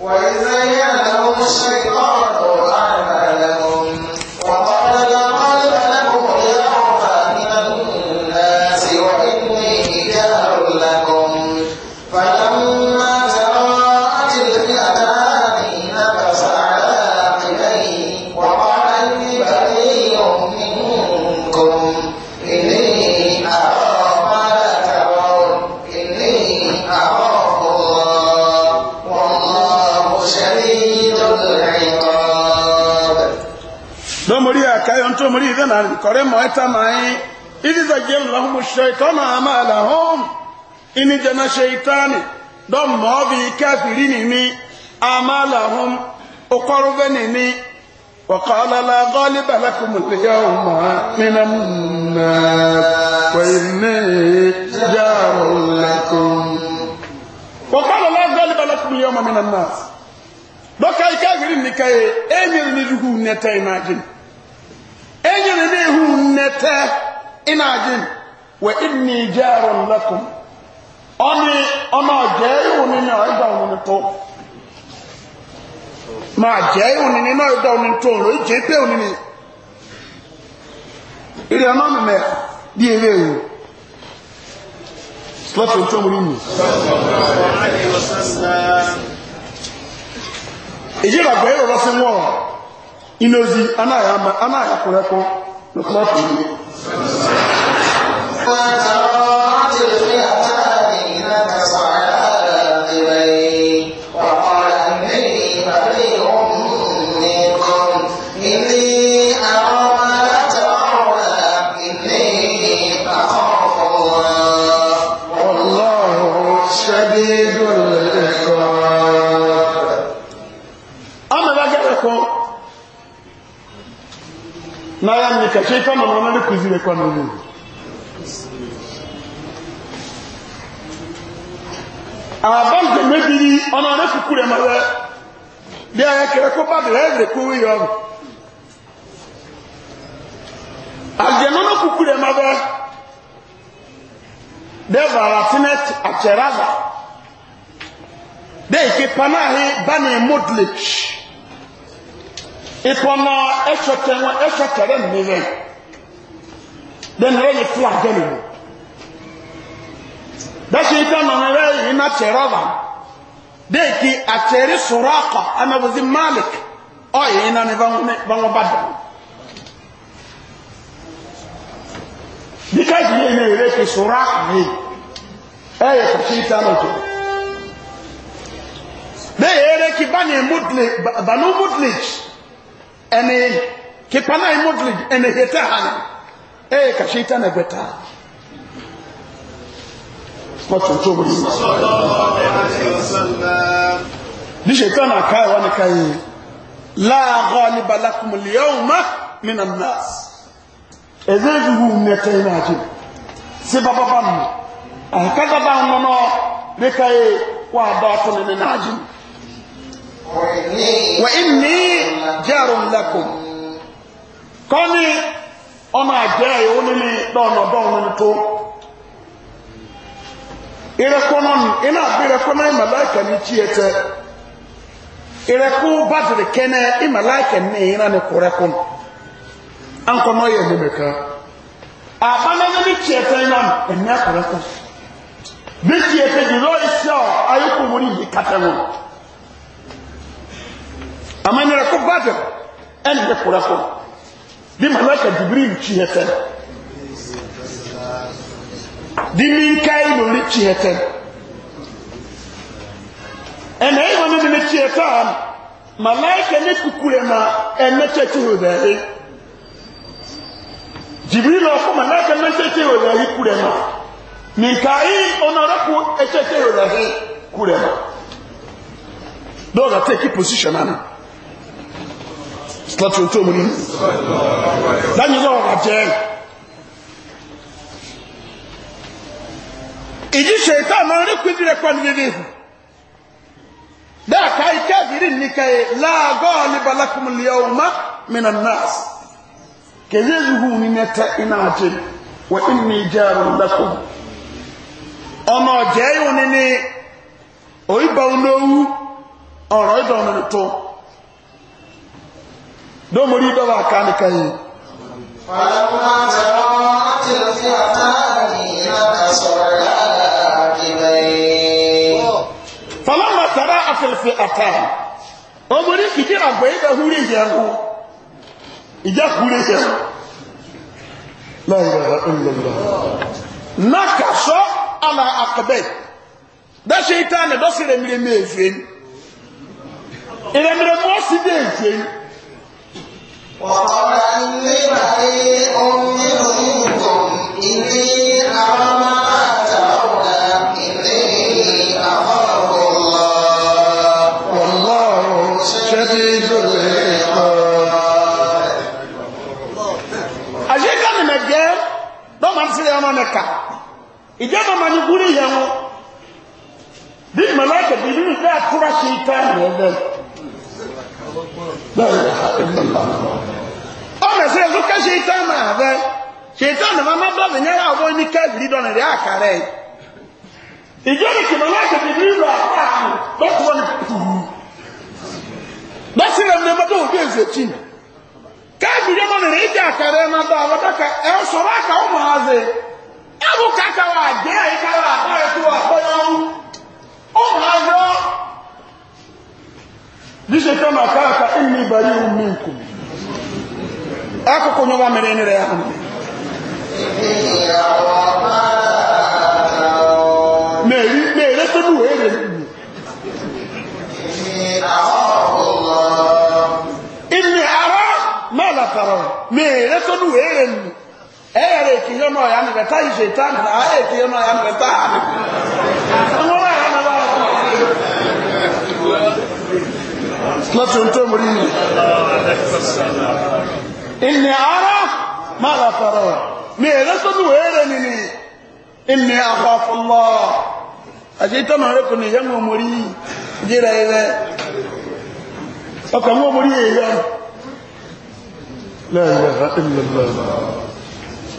وإذا ينهم الشيطان أعمالهم muri ize na nkore mo eta mai idi za gel lahum shaytanu amalahum ini jana shaytani don mo bi kafirini ni amalahum uqarubani ni وقال لا غالب لكم اليوم من الناس وإني جار لكم وقال لا غالب لكم اليوم من الناس بكاي كافرين نكاي أمير نجوه نتاي ماجن enyere na ehu nnete ịna-adị we inni jaron lakum ọnị ọnụ ọjọ ihu nini ọịda onini to ma jẹ ihu nini na ọịda onini to ọrọ ije ipe onini iri ọnụ mmemme dị ere ewu slọtụ ntọ mụrụ imi ìjìnlẹ̀ àgbẹ̀yẹ̀ rọ̀ lọ inozi anaghị ama anaghị akwụrụkwụ n'okpọtụ kẹ̀kẹ́ tọ́nà ọmọ ní kùzí rẹ̀ kọ́nà ọmọ àbáǹkẹ̀ méjì ní ọ̀nà ọ̀rẹ́ kúkú rẹ̀ mọ̀ rẹ̀ bí ayẹ kẹrẹ kó bá bẹ̀rẹ̀ ẹ̀rẹ̀ kó wíyọ ọ̀rọ̀ àjẹ̀nọ́nà kúkú rẹ̀ mọ̀ rẹ̀ dẹ́và rafinette àtẹ̀rázà dẹ́ ìkẹpà náà hí bá ní mọ́dlẹ̀kì ìpọnà ẹ̀ṣọ́ tẹ̀wọ̀n ẹ̀ṣọ́ tẹ̀rẹ̀ mìíràn dẹ̀nẹ̀rẹ̀ yìí fún àjẹ́lì mú bẹ́ṣe ìdáná rẹ̀ yìí náà tẹ̀rọ bà déèkì àtẹ̀rí sọ̀rọ̀ àkọ́ anábòsí malik ọ̀yẹ̀ iná ni báwọn bá dà bíkẹ́ yìí ní ìrẹ́ kì sọ̀rọ̀ àkọ́ yìí ẹ̀yẹ kò sí ìdáná tó bẹ́ẹ̀ yẹ kì bá ní mudlẹ̀ bànú ɛne kepa e, na imodlig ɛne hete ha no ɛyɛ kahyɛ ita na ɛgbɛtaa mɔtonto mu ni shaitan akaa wani kai la ghaliba lakum al yawma min an nas ezezu hu nete na ji si baba bam aka baba no no ne kai wa ba to ne na ji wà ìní jẹ́rùn lẹ́kùn kọ́ ọmọ àjẹ́ ìwó nílé dọ́ọ̀nà tó ìrẹ́kọ́nà iná àbírẹ́kọ́nà ìmàláìkà ní tí ẹtẹ́ ìrẹ́kọ́ bá ti rí kẹ́nẹ́ ìmàláìkà ní ìran ní kúrẹ́kùn àǹkọ́nà yẹ̀ ní mẹ́ka àbálẹ́lẹ́ ní tí ẹtẹ́ ìran ẹ̀mí àkúrẹ́kùn bí tí ẹtẹ́ jùlọ iṣẹ́ yìí ama nyere ko bata en be kura ko bi malaika jibril ci heten di min kai do li ci heten en ay wono de ci heten malaika ne kukule ma en na ci ho da he jibril ko malaika na ci ci ho da he ma min kai onara ko e ci ci ho ma do ga take position láti otu omume mú ní lẹ́yìn lọ́wọ́ wà jẹ́ rí pín díẹ̀ pẹ́ nílé ìhù dáàká ikẹ́ ìbírí nìkẹ́ mina nas kèyí ìhù ní nẹ́tẹ́ iná àjẹ́ wọ́n ń ní ìjẹ́ ọmọ ọ̀jẹ́ yìí ní ní òyìnbọn olówó domori dɔba kaani ka ye. Falama tara ati lafi ataani omori huri o ìjà huri yẹn la ilaha illallah. naka sɔ ala akabɛ dɛsɛ itaani dɔsi وقال إني بريء منكم إني أرى ما ترون إني أخاف الله والله شديد العقاب أجيك أنا مجال دوما نسير أنا مكة إجابة من يقولي يا مو دي ملاكة دي بيبي فيها كرة شيطان ọmọ ẹsẹ ẹsọ ká ṣètàn náà bẹ ṣètàn náà máa bá mi yẹn àwọn ní kẹbìrì dọ̀nà rẹ àkàrẹ ìjọ ní kìnnà láti fi bí ìlú àwọn àmì lọ́tù wọn pùù lọ́sílẹ̀ ní ẹgbẹ́ òjò èzè tì mí kẹbìrì dọ̀nà rẹ ìjà àkàrẹ ẹ̀ máa bá àwọn dọ́kà ẹ̀ sọ̀rọ̀ àkà ọmọ àzẹ ẹ̀bù kàkà wà jẹ́ àyíká wà àbọ̀ ẹ̀kú àbọ̀ yọ̀ ọmọ àzọ. Dice kama kaka inni bariu minkum. Ako kunyoba merenere yangu. Meri meri tunu ere. Inni ara ma la tara. Meri tunu ere ni. Ere kiyo no ya mbeta shetan na ere kiyo no ya mbeta. Ngora ya mbeta. طلبتوا انتوا مريني اني ارى ما لا ترون مي رسل اني اخاف الله اجيت ما ركني يمو مري جرا الى فكمو مري يا لا اله الا الله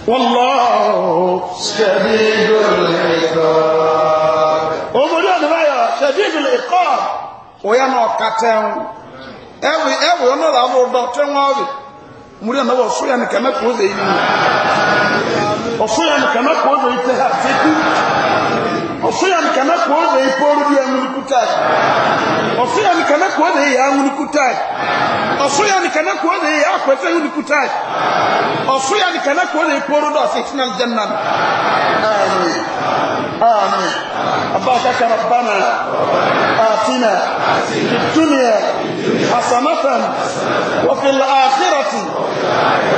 والله شديد العقاب عمر انا شديد العقاب oya na ɔkatɛn ɛwi ɛwi ɔno la ɔno dɔtɛn ɔwi muri ɛna ɔso ya ne kɛmɛ kɔɔze yi ɔso ya ne kɛmɛ kɔɔze yi tɛ ha tɛ tu ɔsoya nkana kɔɔ de yi pɔɔre bi aŋunuku tae ɔsoya nkana kɔɔ de yi yɛ aŋunuku tae ɔsoya nkana kɔɔ de yi yɛ akɔɛsɛ aŋunuku tae ɔsoya nkana kɔɔ de yi pɔɔre dɔ ɔsɛ tina jɛnna ami ami abaka kara bana atina dunuya hasanatan wafil akirati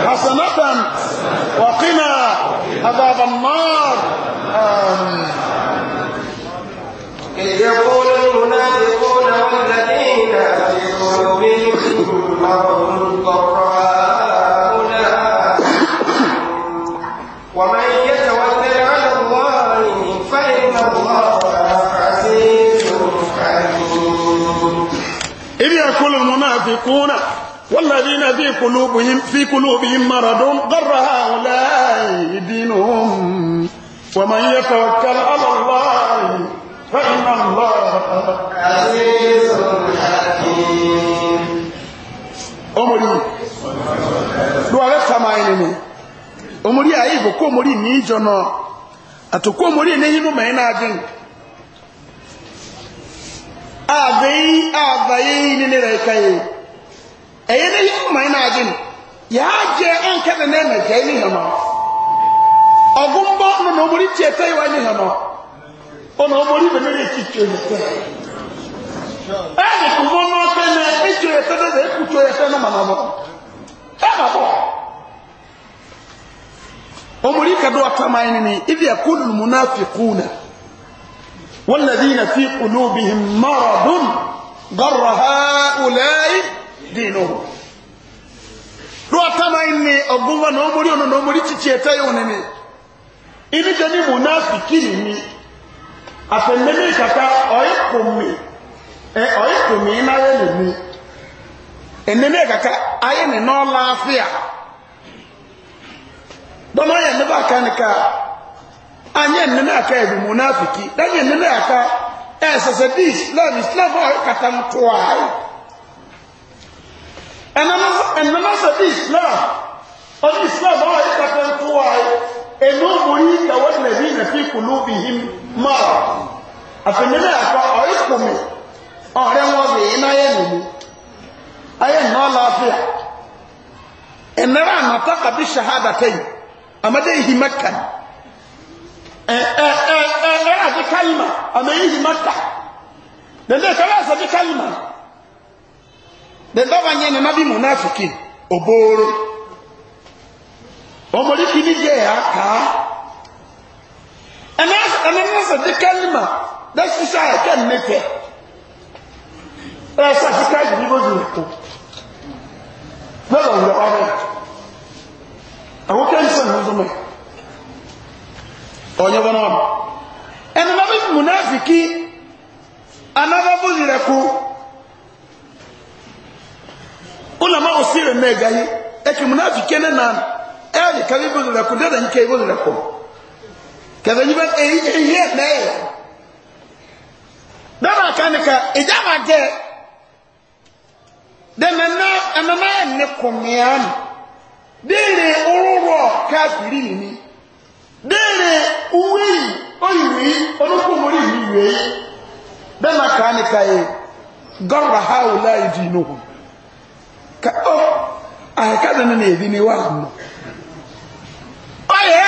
hasanatan wakina عذاب النار آمين إذ يقول المنافقون والذين في قلوبهم مرض ومن يتوكل على الله فإن الله إذ يقول المنافقون والذين في قلوبهم في قلوبهم مرض غر هؤلاء دينهم ومن يتوكل على الله فإن الله عزيز حكيم أمري لوالك سماينني أمري أيه كومري نيجونا أتكومري نهينو مهنا جن أبي أبي نيرايكاي أيه نهينو مهنا جن يا جاء أنك نعمة جاي نهما أقوم بأمر أمري تيتاي وينهما ọmọ ọmọdé bẹ̀rẹ̀ lè ti tó ẹ̀fẹ́ ẹ̀ẹ́dì kò mọ́ náà fẹ́ mẹ́ ètò ẹ̀fẹ́ bẹ́ẹ̀ kú tó ẹ̀fẹ́ náà màmá bọ̀ ẹ̀ bà bọ̀ ọmọdé kẹdọ̀ ọ̀tọ́mà yìí ni ibi ẹ̀kọ́ lùmù náà fi kú nà wọ́n lè dín fi kùlù bí i mọ́rọ̀dún gọ́rọ̀ ha ulẹ̀ dìnnú lọ́ọ̀tọ́mà yìí ni ọgbọ́n wọn ọmọdé ọ̀nà ọmọdé títí ẹ̀fẹ́ yìí wọn ibi jẹ́ ní mùnáfìkì nìyí afɛnbɛnni kata ɔyɛ komi ɛ ɔyɛ komi n'ayɛ ne mu ɛnɛnɛ kata ayɛ ne n'ɔlaafia dɔnɔ yɛ ne ba ka ne ka anyɛ nnɛnɛ aka yɛ bimu n'afiki n'anyɛ nnɛnɛ aka ɛ sɛsɛ di islam islam ɔyɛ kata ntoa ayi ɛnana ɛnana sɛ di islam ɔdi islam ɔyɛ kata ntoa ayi ɛnɛ omori ka wɔn na bi na fi kulu him. mọ́ọ̀ àfẹnilẹ̀ àpá ọ̀rí kùnmi ọ̀rẹ́ wọn bè é náyẹ nìyí ayé nà ọ́láfíà ẹ̀nẹ́rẹ́ àmàtà kàbí ṣahada tẹ́yì àmàdé ìhì mẹ́kà ẹ̀ẹ́rẹ́ àti kálímà àmà ìhì mẹ́kà dẹ̀dẹ̀ kọ́lá àti kálímà dẹ̀dẹ̀ bá nyẹ́ nàbí na òbóró ọmọdé kìíní jẹ́ ẹ̀ ya ɛnɛ ɛnɛ ne sɛ de kalima de sisa yɛ kɛ ne fɛ ɛyɛ sɛ kika yi ko zu to ne lɛ wuli ɔbɛ awo kɛ nsɛn ne zɔmɛ ɔnyɛ bɔ n'ɔmɔ ɛnɛ bɛ bi munafiki anaba bo yɛrɛ ko ulama osiri mɛ gayi ɛkɛ munafiki ne nan ɛyɛ de kabi bo yɛrɛ ko de yɛrɛ yi kɛ bo yɛrɛ ko. kẹfẹ yìí bẹ èyí èyí ẹ mẹyẹ dẹmọ akanika ìjàmbá gẹ dẹmẹ ná ẹnana ẹ ní kùmìán déèrè orúurọ káfírí ni déèrè uwéyì oyìwé olókùnrin yìí wéyì dẹmọ ha wò láyé di ka ọ àyíká dẹni na-ebi ni ọ yẹ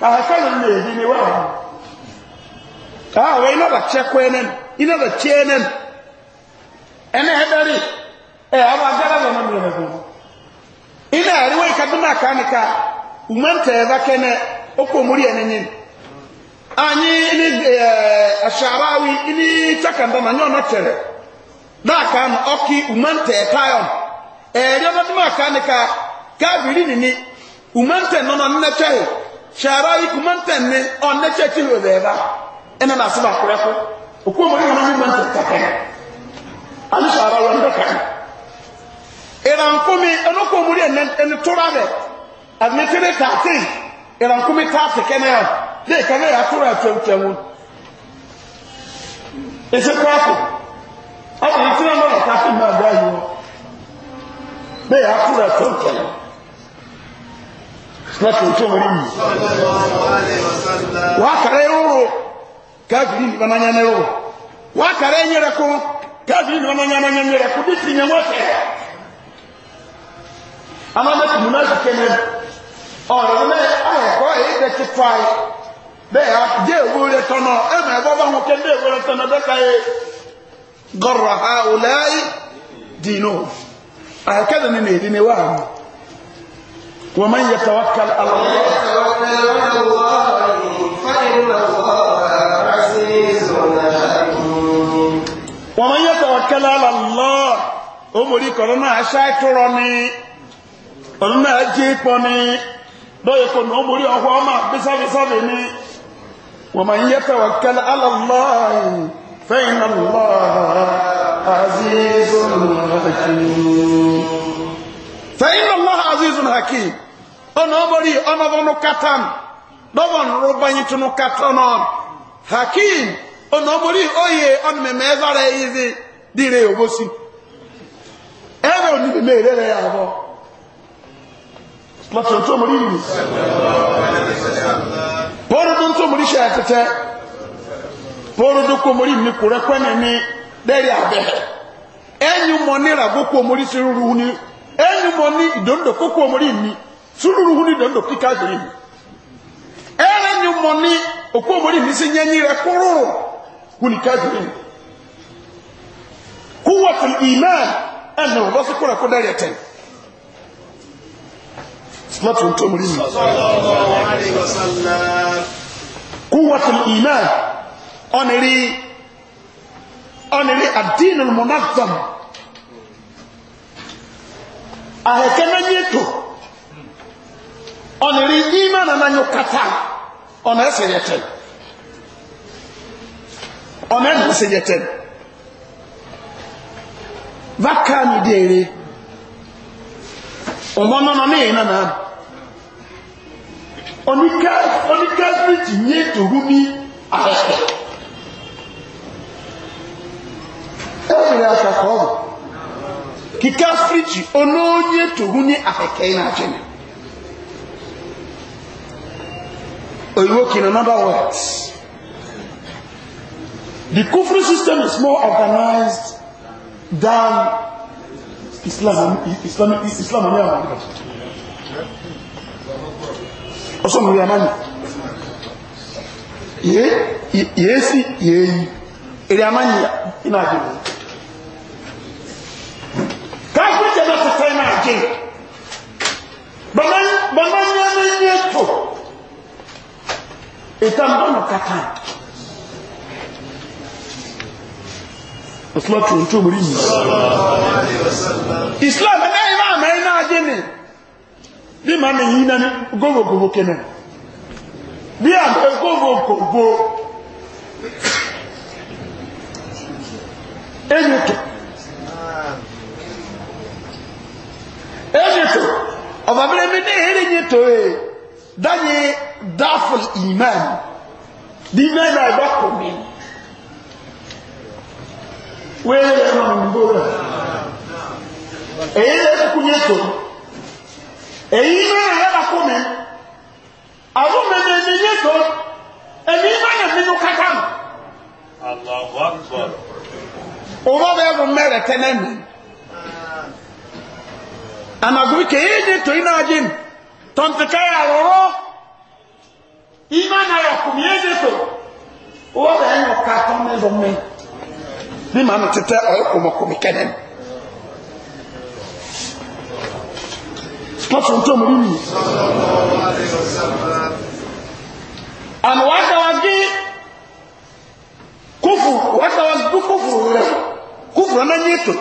kawakazi mmezi ni wao kawe ina bakye kwenen ina bakyenen ene hedari e eh, abagara bana mwemezo ina ariwe kaduna kanika umante zakene okwo muri enenyen anyi ni eh, asharawi ni takanda na nyona tere daka na oki umante tayon e eh, ryo na kanika kabiri ni umante no na nne na. ikú mọ́ntẹ̀n ní ọ̀nẹ́ṣẹ́ tí ó rẹ̀ bá ẹnà náà sí bàkúrẹ́ fún òkú ọmọ yìí wọn mọ́ntẹ̀ kàkẹ́ àti ṣàrá wọn dọ̀kà ìrànkúmi ẹnukọ̀ òmùrí ẹni tóra rẹ̀ àdìmẹ́tẹ́rẹ́ kàtí ìrànkúmi káàtì kẹ́nẹ́ na dé ka yà tóra ẹ̀fẹ̀mfẹ̀ wọn. èsì kọ́ọ̀kù láti ojú ọmọ rí mi wà kàrẹ rúrò káàkiri nípa náà yẹn rúrò wà kàrẹ yẹn rẹ kó káàkiri nípa náà yẹn rẹ kó bí ti yẹn wọ́n tẹ̀ amamẹ́tì múná sì kẹ́mẹ́ ọ̀rọ̀ mẹ́ ọ̀rọ̀ èyí tẹ̀ ti fa ومن يتوكل على الله فإن الله عزيز حكيم ومن يتوكل على الله أمري كورونا شاكرني أنا أجيبني lóye kò ní omori ọ̀họ́ ọmọ bísàbísàbí ni wọ́n ma ń yẹ́ tẹ̀wọ̀ kẹlẹ̀ alàláàyè fẹ́yìn náà lọ́ọ̀ àzízùn àkìyí fẹ̀yìn allah azizun hakim ọ̀nà ọmọrí ọmọbọnú katan lọ́wọ́n rọ́bàyìn tún katanà hakim ọ̀nà ọmọrí oyè na ẹ̀zára ẹ̀yẹ́dẹ́ dìre owó sí ẹ̀rọ onímẹ̀ èrè rẹ̀ àbọ̀ lọ́tún tó mọ̀rí yìí pọ́ọ̀rọ̀dún tó mọ̀rí ṣe àtẹ́tẹ́ pọ́ọ̀rọ̀dún kò mi kò mi rúru ẹnu mọ ní ìdòǹdò kókó omori mi sùúrù hu ní ìdòǹdò kíkà gbèrè mi ẹnu mọ ní òkú omori mi sí nyẹ́nyí rẹ kúrò hu ní ká gbèrè mi kúwọ́ fún ìmán ẹnu ọ̀bọ sí kúrò kúrò dẹ́rẹ́ tẹ̀ láti ohun tó omori mi kúwọ́ fún ìmán ọ̀nìrí ọ̀nìrí àdínul mọ̀nàfọ̀mù ahɛkɛ n'enyi eto ɔnere ima na n'anyo kata ɔna ɛsɛ yɛtɛ ɔna ɛna ɛsɛ yɛtɛ vakaa mi di ere ɔmɔnɔ na ne yɛ nana onika onika bi ti nye tohu mi ahɛkɛ ɛyɛ asakɔɔbɔ kika fridge ono onye tohu ni afeke na ajene oyiwo in another words the kufri system is more organized than islam islam islam ni àwọn ọsọ mi rí amáyì sí yìí èrè amáyì iná àjẹmọ́ ke bama bama nyɔnu nye to ìtàn bọ́nà kàkà islam tó ń tó mú rí mi islam ẹ̀ náà ìmáà mẹ́rin náà jẹ́ ni bí màá mi yí náà ní gógógógó kẹ́nẹ̀ bí àgbẹ̀ gógógógó ẹ̀yìn tó ọ̀bàbẹ̀rẹ̀ mi ní èrè yìí tó e dáyé dáfùl ìmáà di ìmáà náà ẹ̀dá kò mí wéèrè yẹn náà ń bó rẹ̀ èyí lè kúkú yẹn tó èyí náà yẹn bá kó mi àwọn mẹ́rin ẹni yẹn tó ẹni ìmáà yẹn nínú kákàm. Àwọn ọ̀bọ̀ bẹ̀rù mẹ́rẹ̀ tẹ́lẹ̀ mi anagumi keyeje to inajin tontikai aroro imana yakumiyeje to uwa bẹyẹn ọka tọmọ ẹrọ mi bí màá nù títẹ ọyọ kọmọkọmọ on, pọtù ntọ́ mu nínú. àmì wàá dàwàgí kófù wàá dàwàgí kófù rẹ kófù rẹ náà nyé tó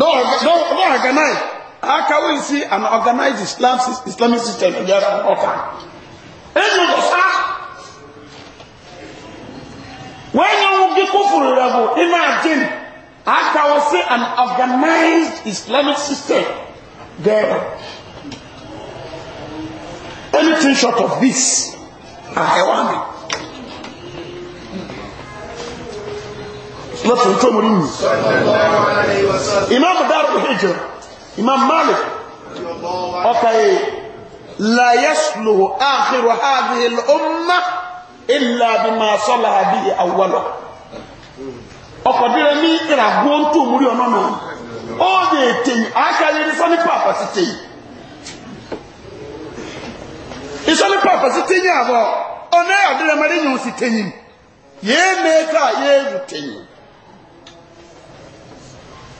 don't organize How can we see an organized Islam, islamic system in their ọka ẹnu lọ sá wọ́n yẹn wọ́n bí kófòrò rẹ̀ bò iná àjẹm see an organized islamic system there anything short of this I want it. lọ́tún tó mú rí mi imam dáàbò hijr imam malik ọkà yìí la yasluhu akhiru hadhihi al-umma illa bima salaha bihi awwala ọkọ̀ dìrẹ ní ìràgbó tó mú rí ọ̀nà náà ó lè tèyí àákàlẹ̀ ní sọ́ní pàpà sí tèyí àbọ̀ ọ̀nà ẹ̀yà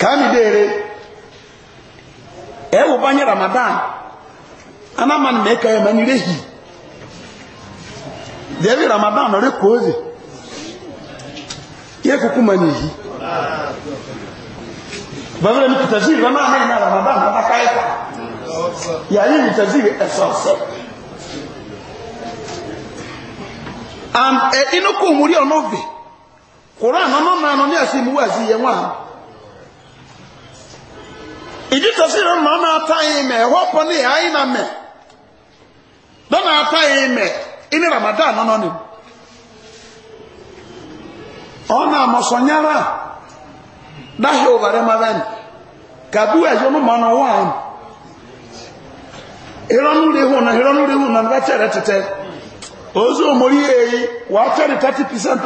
ka déere ẹ ramadan ramadan anamani mẹka ẹ mẹni rehi ramadan ọrẹ kóòzì Ihe kúkú mẹni yìí bàbá mi tẹsí ramadan na aka ká yàrá mi tẹsí ìwé and ẹ inú kò koran ọ̀nà ìdí tó na ọ na àtàyè ime ẹ̀họ́ pọ̀ anyị na yìí na ọ na àtàyè ime ìní ramadan nọ́nà ni ọ na dáhì òbàrẹ́ máa bẹ́ẹ̀ ni kàdú ẹ̀yọ́ ló mọ̀ ọ́nà ọwa àyìn ìrọ́nù rí hùn náà ìrọ́nù rí hùn náà ozu omori thirty percent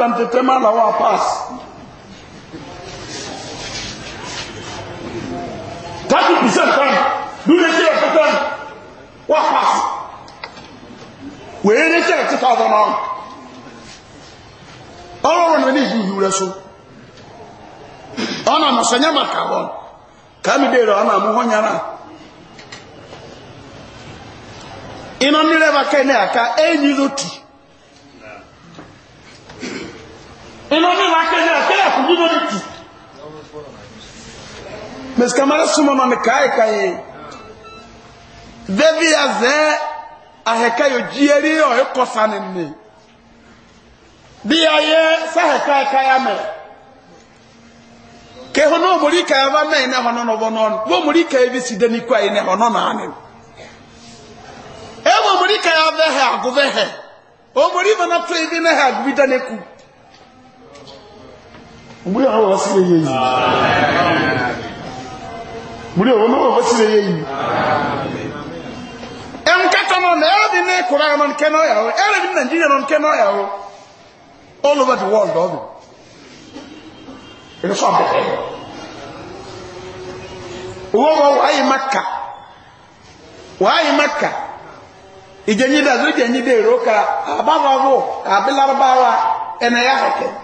thirty percent tan lúdẹ̀sí ẹ̀kọ́ tan wọ́n pass wèé ní ṣe ẹ̀tí thousand naira ọlọ́run so ọ na màkà wọn kàmí dèrò ọ̀nà na nyara iná nílẹ̀ bá kẹ́ ní àká ẹ̀yìn lótì iná nílẹ̀ bá mais kamara suma man kai kai devi aze aheka yo jieri yo ekosa ne ni bi aye sa heka kai ame ke hono muri kai ava me na hono no bonon wo muri kai bi side hono na ane e wo muri kai ave he agove he muri bana ibi ne ha bi dane ku muri owo no wo sire ye yi nọ na to no na ebi ni kura nke ya o ebi na nigeria nke no ya all over the world obi e so ambe ụwa wo ayi maka wa ayi makka ijenyi da zo ijenyi de roka ababa ya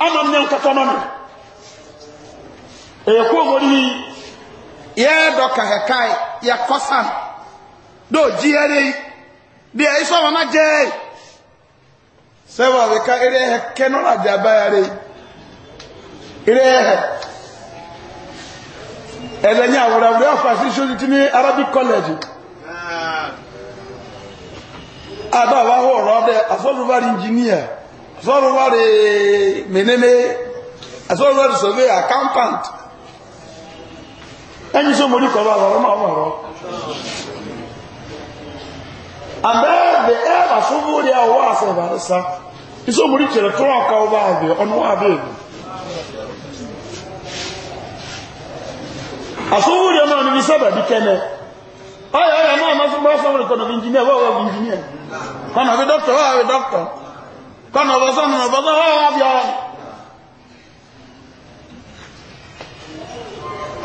ama mmea nkata ma mi ɛyɛ kó wɔn yi yɛ dɔ kahɛkae yɛ kɔsan dɛ ogyi ɛrɛ yi deɛ ɛyɛ sɛ wɔn agyɛ yi sɛ wɔn abɛka ɛrɛ yɛ kɛ no na gya ba yɛrɛ yi ɛrɛ yɛ hɛ ɛdɛ nyɛ awurawura afaasi sori ti ni arabic college adaaba engineer asọ́rọ̀lọ́rì mẹ́nẹ́mẹ́ asọ́rọ̀lọ́rì sọ̀vẹ́ accountant ẹni sọ mọ́rí kọ̀ọ̀lọ́ ọ̀rọ̀ máa wọ̀rọ̀ àbẹ́ẹ̀bẹ̀ ẹ̀bà fúnfún rí àwọ̀ àṣẹ̀bàrẹ́sá isọ́ mọ́rí kẹrẹ tó ọ̀ká ọba àbẹ̀ ọ̀nà àbẹ̀ èbù àfúnfún rí ọmọ níbi sábà bí kẹ́nẹ́ ọ̀yọ̀ ọ̀yọ̀ náà máa fún bọ́ sọ́mọ́rí kọ̀ọ̀nà bí doctor kọ́nà ọ̀bọ̀sọ́ nà ọ̀bọ̀sọ́ wọ́n wá bí ọ́rọ̀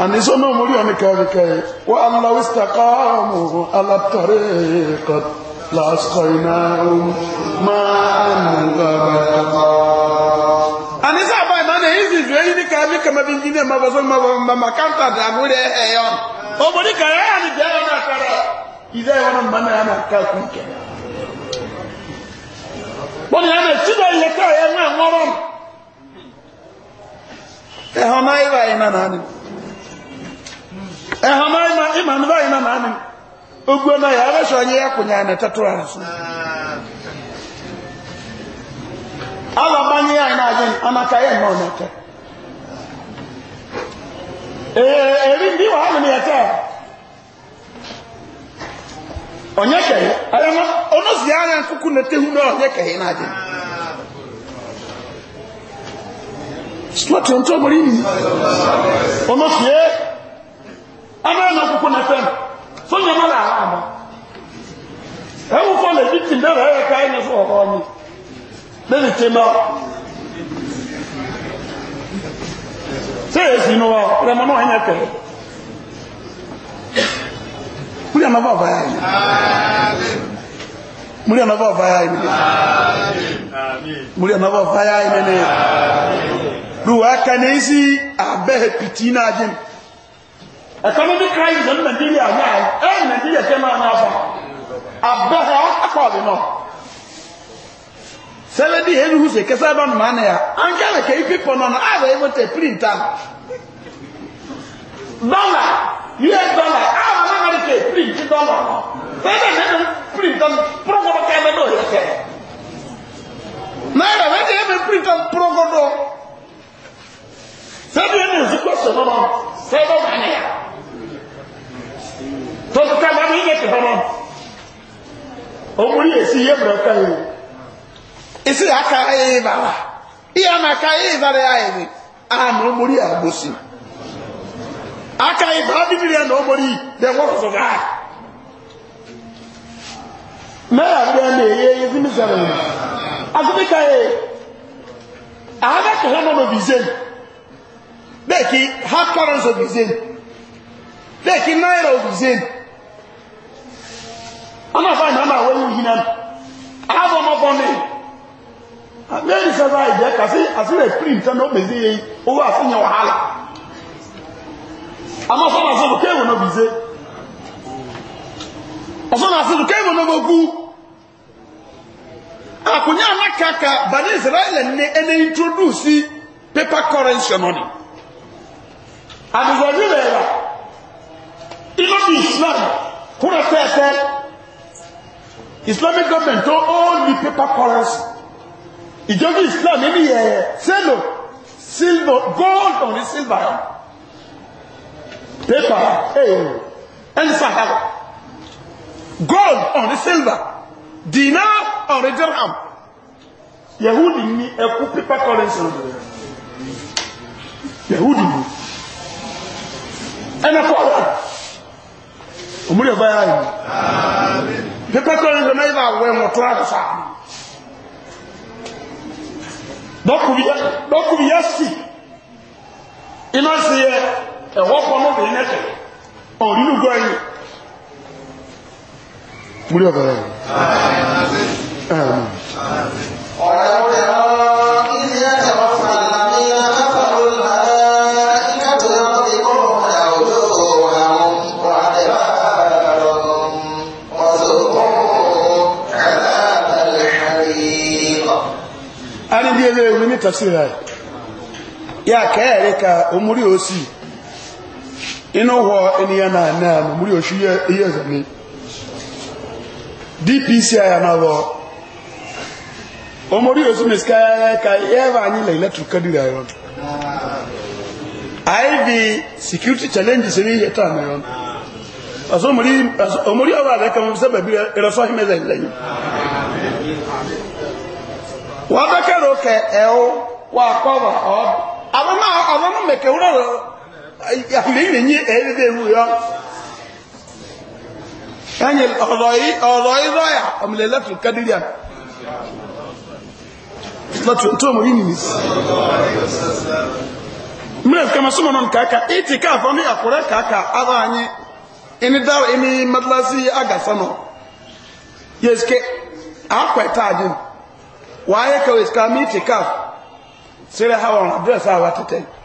àníṣó náà mú rí ọ̀nìkẹ́ríkẹ́ wọ́n aláwọ̀ ìsìtàkọ́ọ̀mù alátọ̀rẹ́ ẹ̀kọ́ lásìkò iná máa ń gbàgbà àníṣó àbá ìdáná èyí sì fẹ́ yìí ní kàmí kàmá bí jíní ẹ̀ mọ́bọ̀sọ́ mọ́bọ̀ káńtà àmúrẹ́ ẹ̀yọ́ òmùdíkàrẹ́ àníjẹ́ ẹ̀yọ́ náà kàrẹ́ ìdá ìwọ́n náà mọ́ náà wọ́n ya mẹ́ sídà ilẹ̀ ká ẹ̀ náà wọ́rọ̀ ẹ̀họ́ máa ìwà ìmà náà ni ẹ̀họ́ máa ìmà ìmà níbà ìmà náà ni ogbó náà yà rẹ́ṣọ́ ya ẹkùnyà ní tẹ́tọ́ àrùsùn alàbányé àìnà àjẹ́ anákayé náà nẹ́tẹ́ èrè wàhálà ɔnyɛkɛyɛ ɛyɛmɔ ɔno zia anya nkoko na tehu e na ɔnyɛkɛyɛ na agye sɔti ɔntɔ ɔbɔre yi ɔno fie ama na nkoko na fɛm so nyɛma na ara ama ɛwɔ fɔ na ebi ti ndɛrɛ ɛyɛ kaa ɛnyɛ so wɔ hɔ ɔnyi na ebi ti ma sɛ esi muri anava avaya ini muri anava avaya ini muri anava avaya ini ne ruwa kanezi abehe piti na ajim economic crisis in nigeria nyaayi ɛyɛ nigeria kɛ maa n'afa abehe akɔɔbi nɔ sɛbɛdi hɛbi hu sɛ kɛsɛ bá nu maa nɛ ya ankara kɛ ipi pɔnɔ na a yɛrɛ yɛ mo US dollar ah mama ni ke print dollar no fẹ́ẹ́ náà ní print on progodo kẹ́mẹ́ náà yẹ kẹ́ náírà wẹ́n ti yẹ mi print on progodo sẹ́bi yẹn ní oṣù kọ́sọ̀ náà sẹ́bi yẹn wà nìyà tọ́sí ká wàá ní yẹ kẹ́ hàn ọmọdé yẹn si yẹ mìíràn ká yẹ esi aka yẹ yẹ bàrà iye ama e yẹ yẹ bàrà yẹ ayẹ mi ah na ọmọdé yẹ agbósi. aka yi ba bi biriya na omori da wɔrɔ so be a na eye yezi mi zara na asopi ka ye ahada kala na no bizen deki hard currency of deki naira bizen ɔna fa na ma wɔyi yina abɔ ma bɔ ne mɛri sɛ ba yi jɛ kasi asi rɛ print na o bɛ se ye owó asi nye wahala. àmọ́ sọ́nà àṣọ́nà kéèwò náà bìí ṣe ọ̀sọ́nà àṣọ́nà kéèwò náà bó kú àkùnyà alákàkà bani israẹli ní ẹni introduce paper currency money àdìsọ̀jú rẹ̀ rà iná bí islam kúrò tẹ́ẹ̀tẹ́ islamic government tó own the paper currency ìjọba islam ẹni yẹ sẹ́lò silver gold on the silver yẹn paper hey, and sahel gold on the silver dinar on the dirham yahudi ni ẹkú paper currency yahudi ni ẹnna kọ ọrọ òmùrẹ báyà yìí paper currency náà yìí bá wọ ẹwọn tó rà sá dọkùnrin yẹn sì iná sí yẹ ẹ̀họ́ kọ́ mọ́ bẹ̀rẹ̀ mẹ́sẹ̀ ọ̀rínú gọ́ ẹ̀yìn múlẹ̀ ọ̀bẹ̀rẹ̀ ẹ̀yìn ọ̀rẹ́ ọ̀rẹ́ ọ̀rẹ́ ilé ẹ̀rọ Ari bí ẹgbẹ́ ìwé ní tàṣírà yà kẹ́ẹ̀rẹ́ ka omúrí ó sì inú hɔ eniyan náà náà mo múlí oṣù yẹ ẹsẹ mi dpc ayà náà wọ omori oṣù mi sika yẹ ká yẹ anyi lẹ electric kadiri ayọ iv security challenges ni yẹ tán ayọ ọsọ omori omori ọba rẹ kàn sẹ bẹbi ẹrọsọ ahimẹ lẹ lẹyìn wọn bẹ kẹrọ kẹ ẹ e o wọn akọ wa ọ àwọn náà àwọn náà àmìlì yí ẹ̀ẹ́dẹ́dẹ́ ewu yọ ẹ̀yìn ọ̀rọ̀ ìrọ̀yà ọmọlẹ̀ lẹ́tù kádìríà tó mọ̀ yìí nìyí mìíràn kama súnmọ̀ náà kàkà ìtì káàfọ́ ní àkùrẹ́ kàkà ara anyi ìní dáwọ̀ ìní madalasi agasano yẹ́sìkẹ́ àkwẹ̀ta àjìn wàá yẹ kẹwàá ìsìkà mí ìtì káàfọ́ sílẹ̀ hàwọn àdírẹ́sì àwọn àtẹ̀tẹ̀ yìí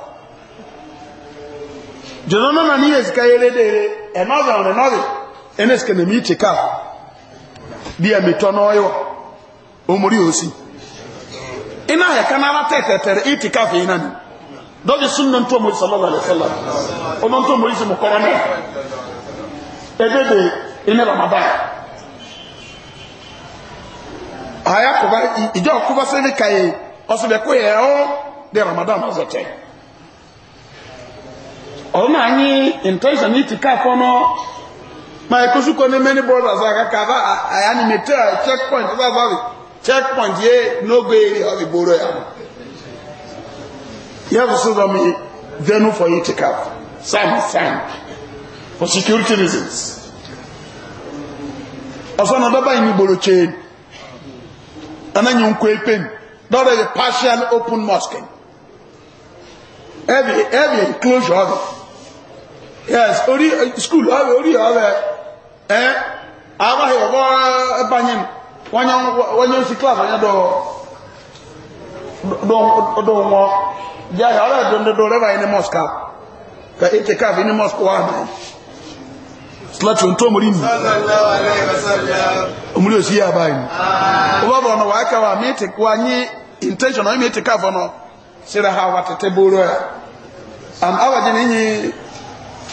jọ̀dọ̀ náà ní èsìká yẹ́ lédèrè ẹ̀nọ́dà ọ̀rẹ̀ náà ẹni èsìká nèmí ìtì ká bí ẹ̀mí tọ́ náà yọ omori òsì iná ẹ̀ka náà tẹ̀tẹ̀tẹ̀rẹ̀ ìtì ká fi iná ni dọ́jú súnmọ́ tó mọ̀ sọ́lọ́lá lẹ́sọ́lá ọmọ tó mọ̀ ìsìnkú kọ́rọ́ náà ẹ̀dẹ́dẹ̀ iná ramadan àyà kọba ìjọ ni kai. kàyé ọ̀sẹ̀ bẹ̀ kó yẹ ọ́ dẹ̀ ramadan ọ̀sẹ̀ ọ̀nà anyị intention iti kaafọ nọ ma ekosuko ne many brothers aka kava animate a checkpoint ọba check point ye n'ogo eri ọbi boro ya ya bụ sọ mi venu for iti kaafọ sam sam for security reasons ọsọ na dọba imi gboro chain anaghị nkwa epen dọrọ the partial open mosque every every enclosure of yes orí skul ọ̀rẹ́ orí ọ̀rẹ́ ẹ́ àbáhì ọ̀bọ̀ ẹbányẹ wọ́nyẹ ń sí class ọ̀nyẹ dọ̀ wọn jẹ́ àyà ọ̀rẹ́ dọ̀dọ̀ rẹ́bà ní moscow ka ètè káàfì ní moscow wà náà slatu tó mú rí mi omúlé òsì yà báyìí ó bá bọ̀ ọ̀nà wà á kà wà mí ètè wà intention ọ̀nyẹ mi ètè káàfọ̀ náà sí ra ha wà tètè bóró ẹ̀ and awàjẹ́ nìyí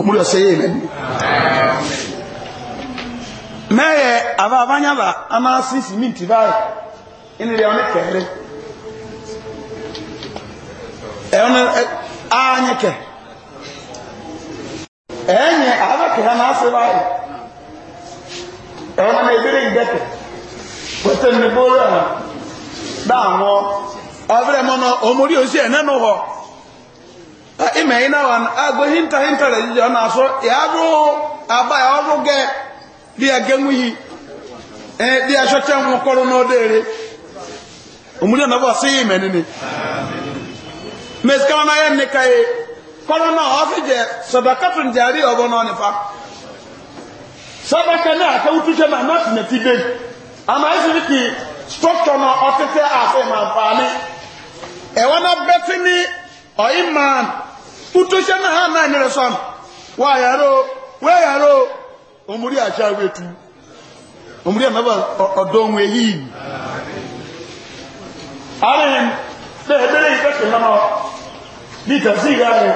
omuli oseyo emeni naye abo abanya ba amasiisimi nti bayo iniryonekere eyono e, anyike enye abakera naase bayo eyono nebiri ndeke kwete nibolo daawo ọbẹrẹ mọ náà omori ozi ẹ nẹnu họ. Eh, ime ina wan agbo hinta hinta da jijo na so ya ru aba ya ru ge bi ya genwu yi eh bi ya so tan mo koru no dere umuri na ba si ime ni ni meska na ya ne kai koru na ofi je sadakatun jari obo no ni fa sadaka na ka utu je ma na na ti be ama isi ki structure na otete afi ma fa ni e wana betini oyi man utohyɛ no ha na ɛnyerɛ so eh, ano wɔayare wɔayare eh, o omuri omuri anaba bi ya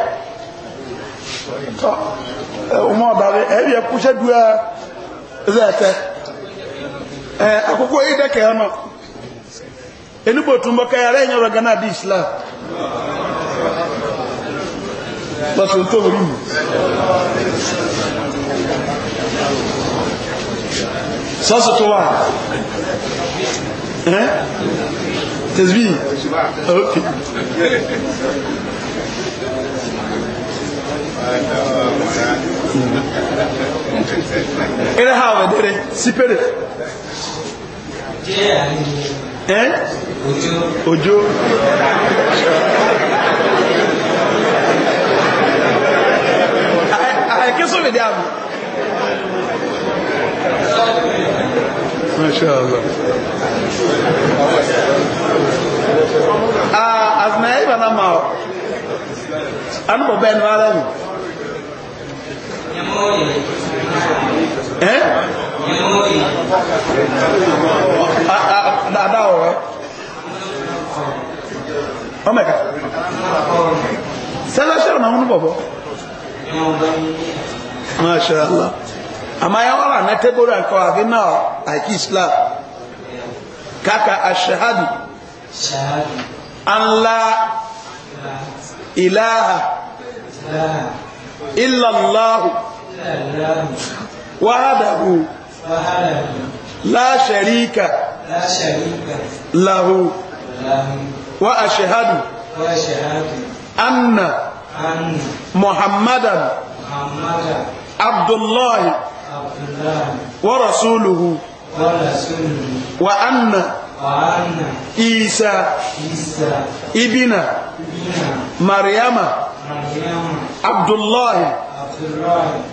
yɛ tɔ ɔmɔ ɔdari ɛbi ɛkuhyɛ dua ɛsɛ ɛtɛ ɛɛ akoko yi no di islam. lọ́sùn tó rí mú sọ́sù tó wà ẹ́ tẹ̀sbí ok ẹ̀rẹ́ ha ọ̀rẹ́ dẹ̀rẹ́ sípẹ̀rẹ̀ ẹ́ ojú ojú ẹ̀kí sún mi dí àmú. àtìmọ̀ ẹ̀yìn bàtà mà ọ́ anúbọ̀ bẹ́ẹ̀ ni wọ́n rẹ̀ nù. ẹ́ dáadáa ọ̀rọ̀ ọmọ ẹ̀ka sẹ́lẹ̀ṣẹ̀ ọ̀nà ما شاء الله اما يا ورا ما تقول انت واغنا اي اسلام كاكا الشهاد ان لا اله الا الله وحده لا شريك له واشهد واشهد ان محمدا عبد الله ورسوله وأن عيسى ابن مريم عبد الله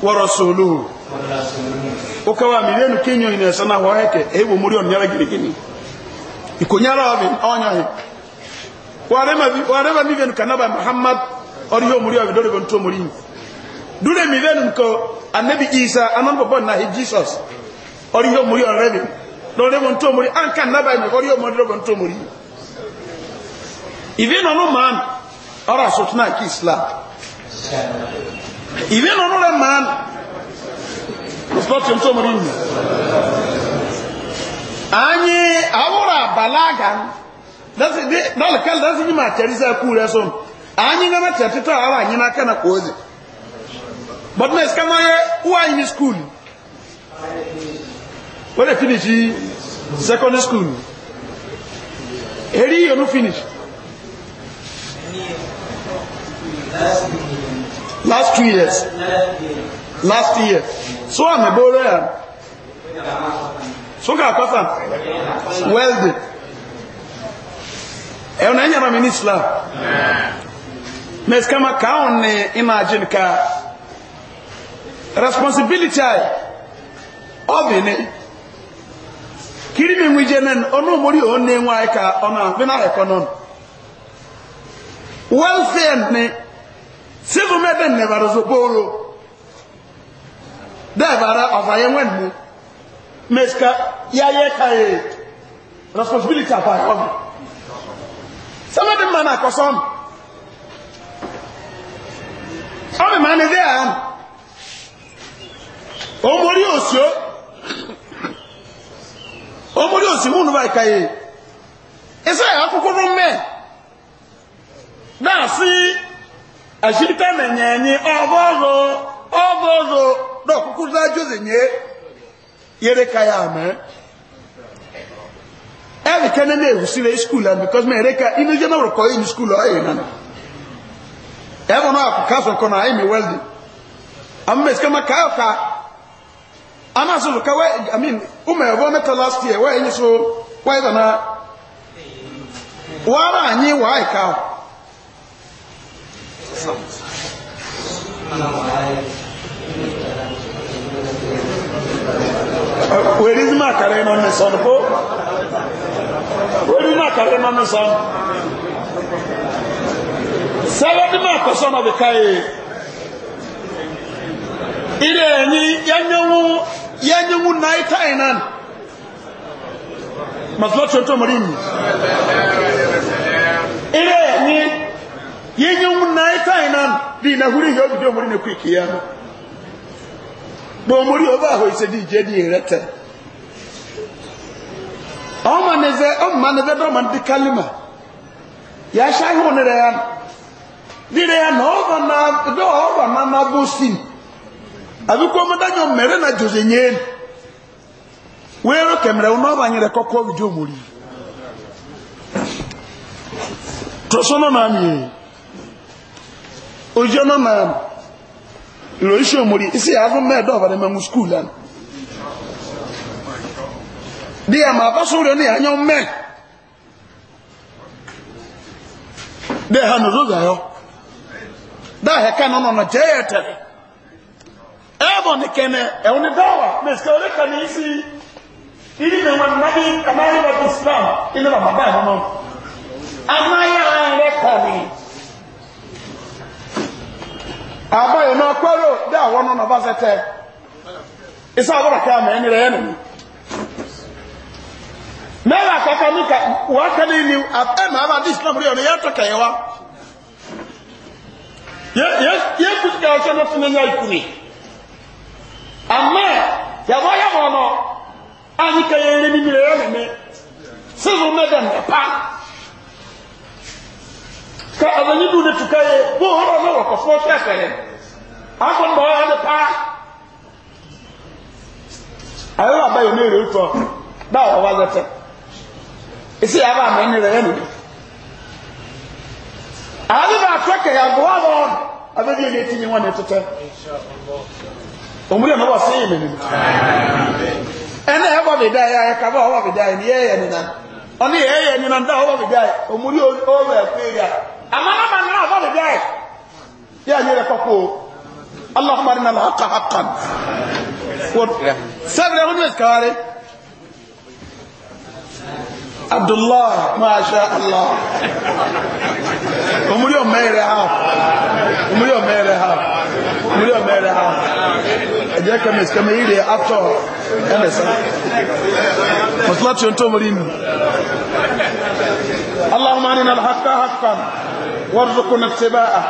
ورسوله ukawa milioni kinyo inasana hoeke hebu muri onyara girigini ikonyara wabi onyahe warema warema nivyo kanaba muhammad ori yo muri abidore bon to muri dure mi len ko annabi isa anan bobon na jesus ori yo muri on rebi do re bon to muri an kan na bai mi ori yo muri bon to muri even ono man ara sotna ki islam even ono re man sport to muri ni anyi awura balagan that's it that's the kind that's you ma teresa ku reson anyi na na tetete a wa anyi na aka na kozi but na iska ma ye who are in school when they finish secondary school eri you no finish last two years last year so am ebore am so ka akwasa welding ẹ eh, ọ na ẹ nyara mi ní islam. Nes kama kaon ne imagine ka responsibility ai obine kiri mi nwije nen ono mori o ne nwa ka ona bi na heko non welfare ne civil meben ne baro zo boro da bara ofaye wen mu meska ya ye ka e responsibility apa obine sama de mana ko som ọmọ ìmọ̀ anìdẹ́ à ń omori òsì ó omori òsì múnú bá ìkàyè iṣẹ́ ẹ̀yà kúkúrú mẹ́ náà sí àṣírítà nàìyànyí ọgọ́rọ̀ ọgọ́rọ̀ náà kúkúrú dájú sì yé yẹrẹ kàyà àmẹ́ ẹ̀rì kẹ́nẹ́ náà èwùsí rẹ̀ skúl àmì kọ́sí mẹ́rẹ́ka inú jẹ́ náà rọ̀kọ́ yìí ní skúl ọ̀yẹ̀ náà ɛwɔ no akɔ kaa sɔnkɔ na ayɛ mi welding ama mɛ ka ama so i mean uma last year wɔ ɛnyi so wɔ ɛdana wɔara anyi wɔ ayɛ kaa wɛrizima akara on where is sáwọn ní máa kọsọ́ náà bìkà yìí ilé ẹ̀yìn yẹ́nyẹ́wó yẹ́nyẹ́wó náà táì náà màtúwọ́ tí ó tó mọ̀rí mi ilé ẹ̀yìn yẹ́nyẹ́wó náà táì náà bí iná húrí yóò bí ọmọrí ní kúìkì yá gbọ́n mọ̀rí ọba àhọ́ ìṣẹ́dí ìjẹ́ ní ìrẹ́tẹ̀ ọmọ nìzẹ́ ọmọ nìzẹ́ bẹ́rẹ̀ mọ̀ kálímà yà á ṣáà hùn rẹ̀ yánu dịrị ya na mabusin abikwa omudanyo mere na jose nyeni wero kemere unaobanyire koko bidi omuli tosono nani ojono nani iroisi omuli isi na mmeedo obalema mu skuul ano di ya ma abasuulio ya anya mme de ha dáhẹ̀ ká nínú ọ̀nà jẹ́ ẹ̀ tẹ̀lé ni kene kẹ́nẹ̀ ẹ̀wọ̀n ní dáwà mẹ́sìkẹ́ orí kan ní sí ìdí mi wọn nàbí amáyé bàbá islam inú bàbá bá ẹ̀wọ̀n náà amáyé rẹ̀ kọ̀ ni. àbáyọ̀ náà kọ́rọ̀ dá àwọn ọ̀nà bá ṣe tẹ̀ ìṣe àwọn bàtà àmọ́ ẹni rẹ̀ ẹ̀nìmí. mẹ́rin àkọ́kọ́ ní wàá kẹ́lẹ́ ni àbẹ́ màá bá islam rí ọ̀nà yàtọ̀ kẹ̀yẹ wa yesu ti kẹrẹ sẹni fún ẹni àìkú ni àmẹ yàgbọ yàgbọ ọnà àyìn kẹyẹ eré níbi rẹ yẹn mi sísun mẹdẹ mẹpa ka àbẹ̀yìn dùn ní tukẹ́ yẹ bó hóró náà wọ̀ kọ̀fọ́ tẹ̀sẹ̀ yẹn akọni bọ̀ ọ́ yẹn pa àyẹ̀wò àbáyọ̀ mi rè é tọ́ báwo wà lẹ́tẹ̀ èsì yàrá àmì ẹni rẹ̀ yẹn nìyẹn. ale ba atweke ya go abedi tinye wane tete omuri sey me ni ene dai ya ka ba owa be dai ni ye ni na oni ye ye ni na da owa be dai omuri o we ya ama na ma na owa be dai ya ni re koko اللهم ارنا عبد الله ما شاء الله omuri omere ha omuri omere ميرها omuri omere ha eje ka mes ka meire ato emesa maslati اللهم ارنا الحق حقا وارزقنا اتباعه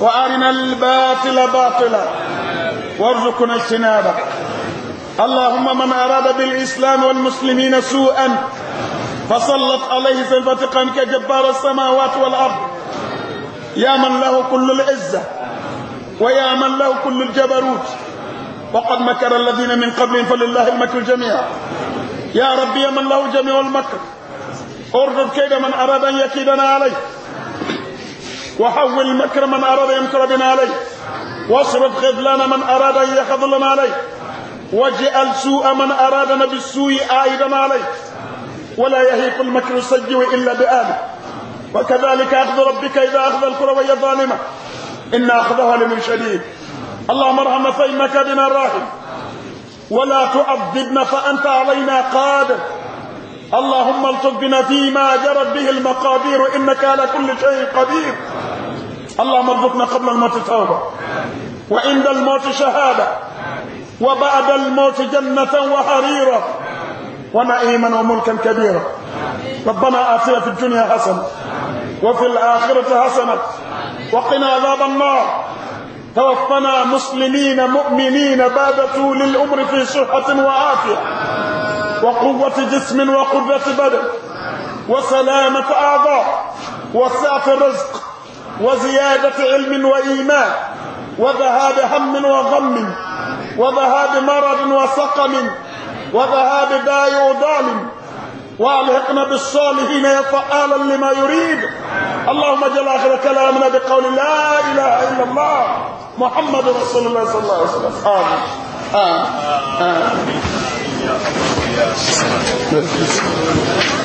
وارنا الباطل باطلا وارزقنا اجتنابه اللهم من اراد بالاسلام والمسلمين سوءا فصلت عليه سنفتقا كجبار السماوات والأرض يا من له كل العزة ويا من له كل الجبروت وقد مكر الذين من قبلهم فلله المكر جميعا يا رب يا من له جميع المكر اردد كيد من أراد أن يكيدنا عليه وحول مكر من أراد أن يمكر بنا عليه واصرف خذلان من أراد أن يخذلنا عليه واجعل سوء من أرادنا بالسوء آئدنا عليه ولا يهيق المكر السيء إلا بآله وكذلك أخذ ربك إذا أخذ الكرة وهي ظالمة إن أخذها لمن شديد اللهم ارحم فإنك بنا راحم ولا تعذبنا فأنت علينا قادر اللهم الطف بنا فيما جرت به المقادير إنك على كل شيء قدير اللهم ارزقنا قبل الموت توبة وعند الموت شهادة وبعد الموت جنة وحريرة ونعيما وملكا كبيرا ربنا آتنا في الدنيا حسنة وفي الآخرة حسنة وقنا عذاب النار توفنا مسلمين مؤمنين بادتوا طول في صحة وعافية وقوة جسم وقدرة بدن وسلامة أعضاء وسعة رزق وزيادة علم وإيمان وذهاب هم وغم وذهاب مرض وسقم وذهاب داعي وظالم والحقنا بالصالحين يا فعالا لما يريد اللهم اجعل اخر كلامنا بقول لا اله الا الله محمد رسول الله صلى الله عليه وسلم امين امين, آمين. آمين. آمين.